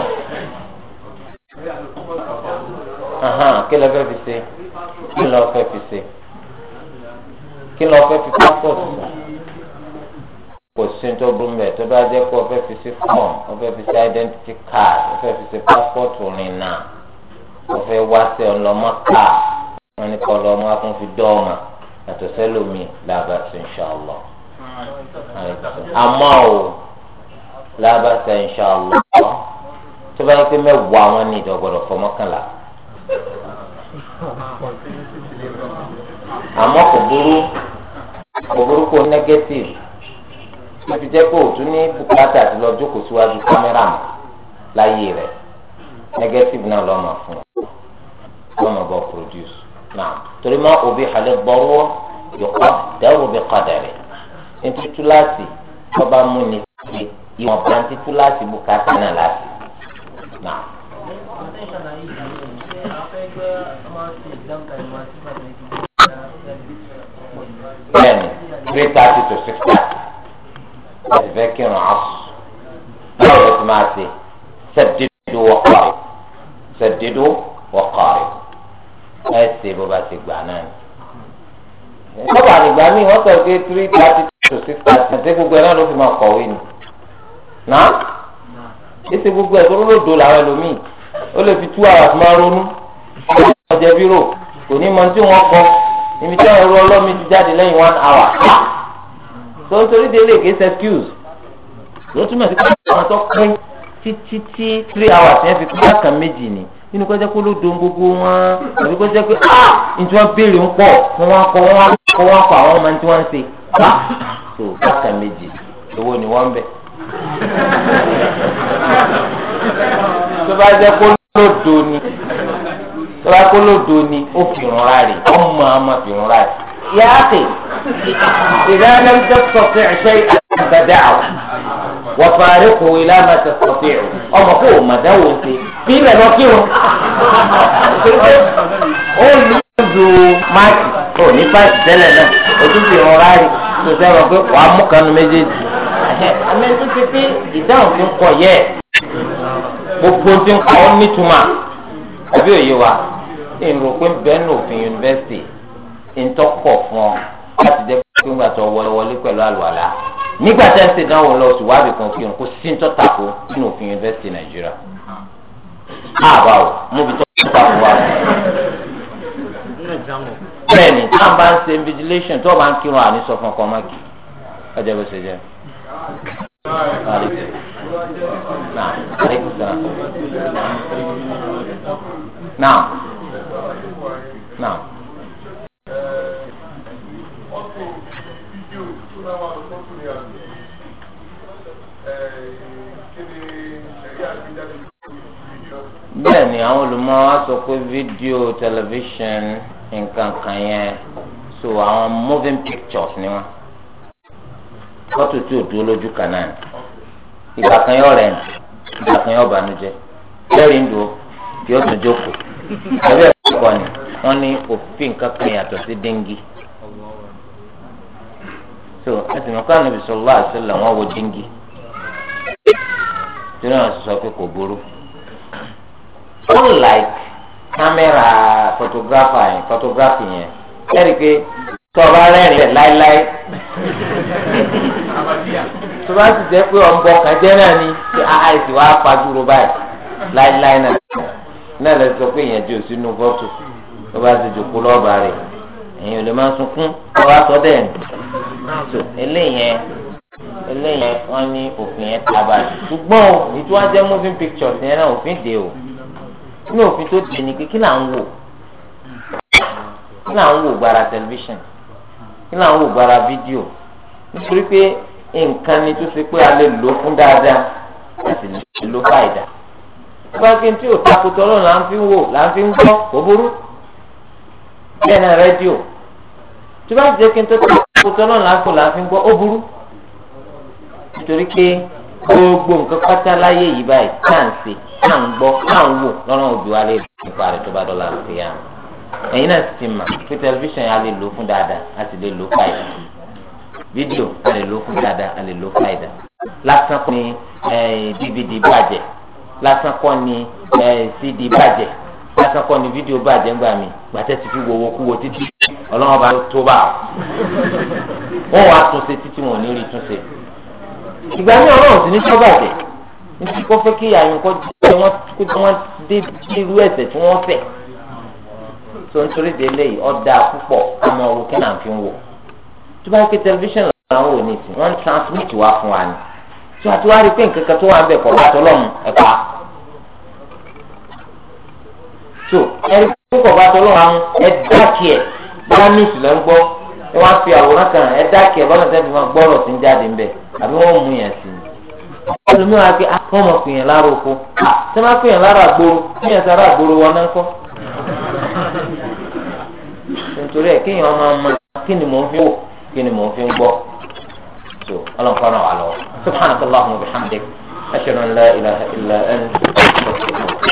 kí lọ fẹ́ fi ṣe kí lọ fẹ́ fi ṣe kí lọ fẹ́ fi pásítọ̀ sí kò sí ní tó burú bẹ́ẹ̀ tó bá jẹ́ pé o fẹ́ fi sí form o fẹ́ fi sí identity card o fẹ́ fi sí passport rìn náà o fẹ́ wá sí ọlọ́mọ ká wọn ní kọ́ ọlọ́mọ akún fi dọ́ọ̀mà yàtọ̀ sẹ́lómi làbàtì inṣàlọ́ àmọ́ o làbàtì inṣàlọ́ tó bá yẹ pé mẹ́wàá wọn ní ìdọ̀gbọ̀dọ̀ fọmọ́kànlá àmọ́ kò burú kò burú kò negative tó ti jẹ́ pé òtún ní bùkátà ti lọ jókòó síwájú kámẹ́rà mọ́ láyé rẹ̀ negative náà lọ́mọ fún un lọ́mọ bọ́ produce náà torí mọ́ òbí halẹ̀ bọ́wọ́ yọkọ́ dẹ́rù bí padà rẹ̀ nítorí túláàsì tó bá mú ni pé ìwọ̀n bá túláàsì bùkátà náà láti náà. bẹ́ẹ̀ni three thirty to six thirty ẹ̀fẹ́ kírun asù báwo ló ti máa ṣe sẹ́dídó wọ́kọ̀rì sẹ́dídó wọ́kọ̀rì ẹ̀ ṣe bó bá ti gbà náà ni. sábà nígbà míì wọ́n sọ pé three thirty to six thirty ṣé gbogbo ẹ̀ náà ló fi máa kọ̀wé ni. náà ètò gbogbo ẹ̀ tó lódò làwọn ẹlòmíì ó lè fi two hours máa ronú ọjọ́ bírò kò ní mọ tí wọ́n kọ ibi tí ọlọ́mi ti jáde lẹ́yìn one hour tó ń torí délé kì ṣe excuse ló túmọ̀ sí pé àwọn tó pín títí tí three hours yẹn fi pín àkàn méjì ni nínú kọjá pé ló don gbogbo wọn àbí kọjá pé ah wọ́n béèrè ń pọ̀ wọ́n wá kọ́ wọ́n kọ́ wọ́n kọ́ àwọn ọmọ tí wọ́n ń ṣe bá ah, so àkàn méjì owó ni wọ́n ń bẹ̀. tó bá jẹ́ kó lódo ni tó bá kó lódo ni ó fi rún ra rè ọmọ ọmọ fi rún ra rè. يا أخي إذا لم تستطع شيئا فدعه وفارقه إلى ما تستطيع أما كو ما دوتي قيل وكيو olùdó máàkì ò ní pàṣẹ tẹ́lẹ̀ náà ojúbì ọ̀rá rí tó sẹ́wọ̀n pé wàá mú kanu méjèèjì. àmì tó ti pé gbogbo ntọ́pọ̀ fún ọ láti dẹ́ pé ńgbà tó wọlé pẹ̀lú àlùwàlá nígbà tá ẹ ṣe dánwò lọ sí wàá bìkan kí n kó sí ń tọ́ta kó nínú òfin yunifásitì nàìjíríà àbá o mo fi tọ́ta kó wá. bẹ́ẹ̀ni tá n bá ń ṣe invigilation tó o bá ń kírun àní sọ fún ọkọ máàkì ọjọ́ bó ṣe jẹ́. Now, now. ọkọ̀ fídíò tó náà wà lọ́kọ̀ ní àgbẹ̀ àwọn wa sọ pé fídíò tẹlifíṣàn nǹkan kan yẹn so àwọn moving pictures ni wọn fọ́tò tí ò dúró lójú kan náà ìgbà kan yóò ìgbà kan yóò wọ́n ní òfin kankan yàtọ̀ sí dengi so ẹsìn mọ̀ká níbi sọlá àṣẹlẹ̀ wọ́n wo dengi tí wọ́n sọ pé kò burú unlike kámẹ́rà photographer yẹn photography yẹn ẹ̀rí pé tọ́ba rẹ́rìn rẹ̀ láéláé tó bá sì jẹ́ pé ọ̀nbọ kan jẹ́ náà ni àìsí wàá fajúro báyìí láéláé náà náà lè sọ pé ìyẹn jù sínú fọ́tò tó bá ti jòkó lọ́ọ̀bà rẹ̀ ẹ̀yin ò lè máa sunkún kó wá sọ bẹ́ẹ̀ tó eléyẹn eléyẹn wọ́n ní òfin yẹn tábà ṣùgbọ́n ìtú wá jẹ́ moving pictures yẹn náà òfin dè o ní òfin tó dè ní kí là ń wò kí là ń wò gbára tẹlifíṣàn kí là ń wò gbára fídíò nítorí pé nǹkan ni tó ṣe pé a lè lò fún dáadáa a sì lè lò fún àìdá. bá a kí n tí ò takùtọ̀ lọ́nà là ń fi wò là ń fi ń gbọ́ kò burú bẹ́ẹ̀ náà rédíò tí bá jẹ́ kí n tó tó kótó náà láǹkó láàfin gbọ́ ó burú nítorí pé gbogbo nǹkan pátá láyé yìí báyìí tá à ń ṣe tá à ń gbọ́ tá à ń wò lọ́rùn òbí wa lè nípa rẹ̀ tó bá dọ́là lókè yá ẹ̀yin náà sì ti mà pé tẹlifíṣàn a lè lò fún dáadáa a sì lè lò fáìdà fídíò a lè lò fún dáadáa a lè lò fáìdà lásán kọ́ ni dvd bàjẹ́ lásán kọ́ ni cd bàjẹ́ lásàkọ ni fídíò bàjẹ́ ńgbà mi gbàtẹ́ ti fi wọ̀wọ́ kú wọ títí ọlọ́wọ́n bá tó bá wọn wàá túnṣe títí wọn ò ní rí túnṣe. ìgbà ní ọlọ́run sì ní tó bàjẹ́ nítorí kó fẹ́ kí àyùn kọ́ jẹ́ wọ́n kó jẹ́ wọ́n dé irú ẹ̀sẹ̀ tí wọ́n fẹ̀. tó ń torí de lẹ́yìn ọ̀dà púpọ̀ àmọ́ ọ̀rọ̀ kí náà fi ń wò. tó bá ké tẹlifíṣàn làwọn ò ní sí wọ́n transmit wá fún wa ni. tó àtiwárí pé nǹkan kan tó wà ń bẹ̀ pọ̀ látọ́lọ́mù ẹ̀ka so ẹni tó kọ̀ bá tọ́lọ́ àwọn ẹ dákì ẹ̀ bá ń gbọ́ fi àwòrán kan ẹ dákì ẹ̀ bọ́lá sẹ́fì máa sí ń jáde ń bẹ̀ àbí wọ́n mú yẹn sí fi ah, yẹn lára oko ṣé máa fi yẹn lára àgbòrò fi yẹn sára àgbòrò wọn náà kọ́. nítorí ẹ kéèyàn ọmọ ọmọ kí ni mò ń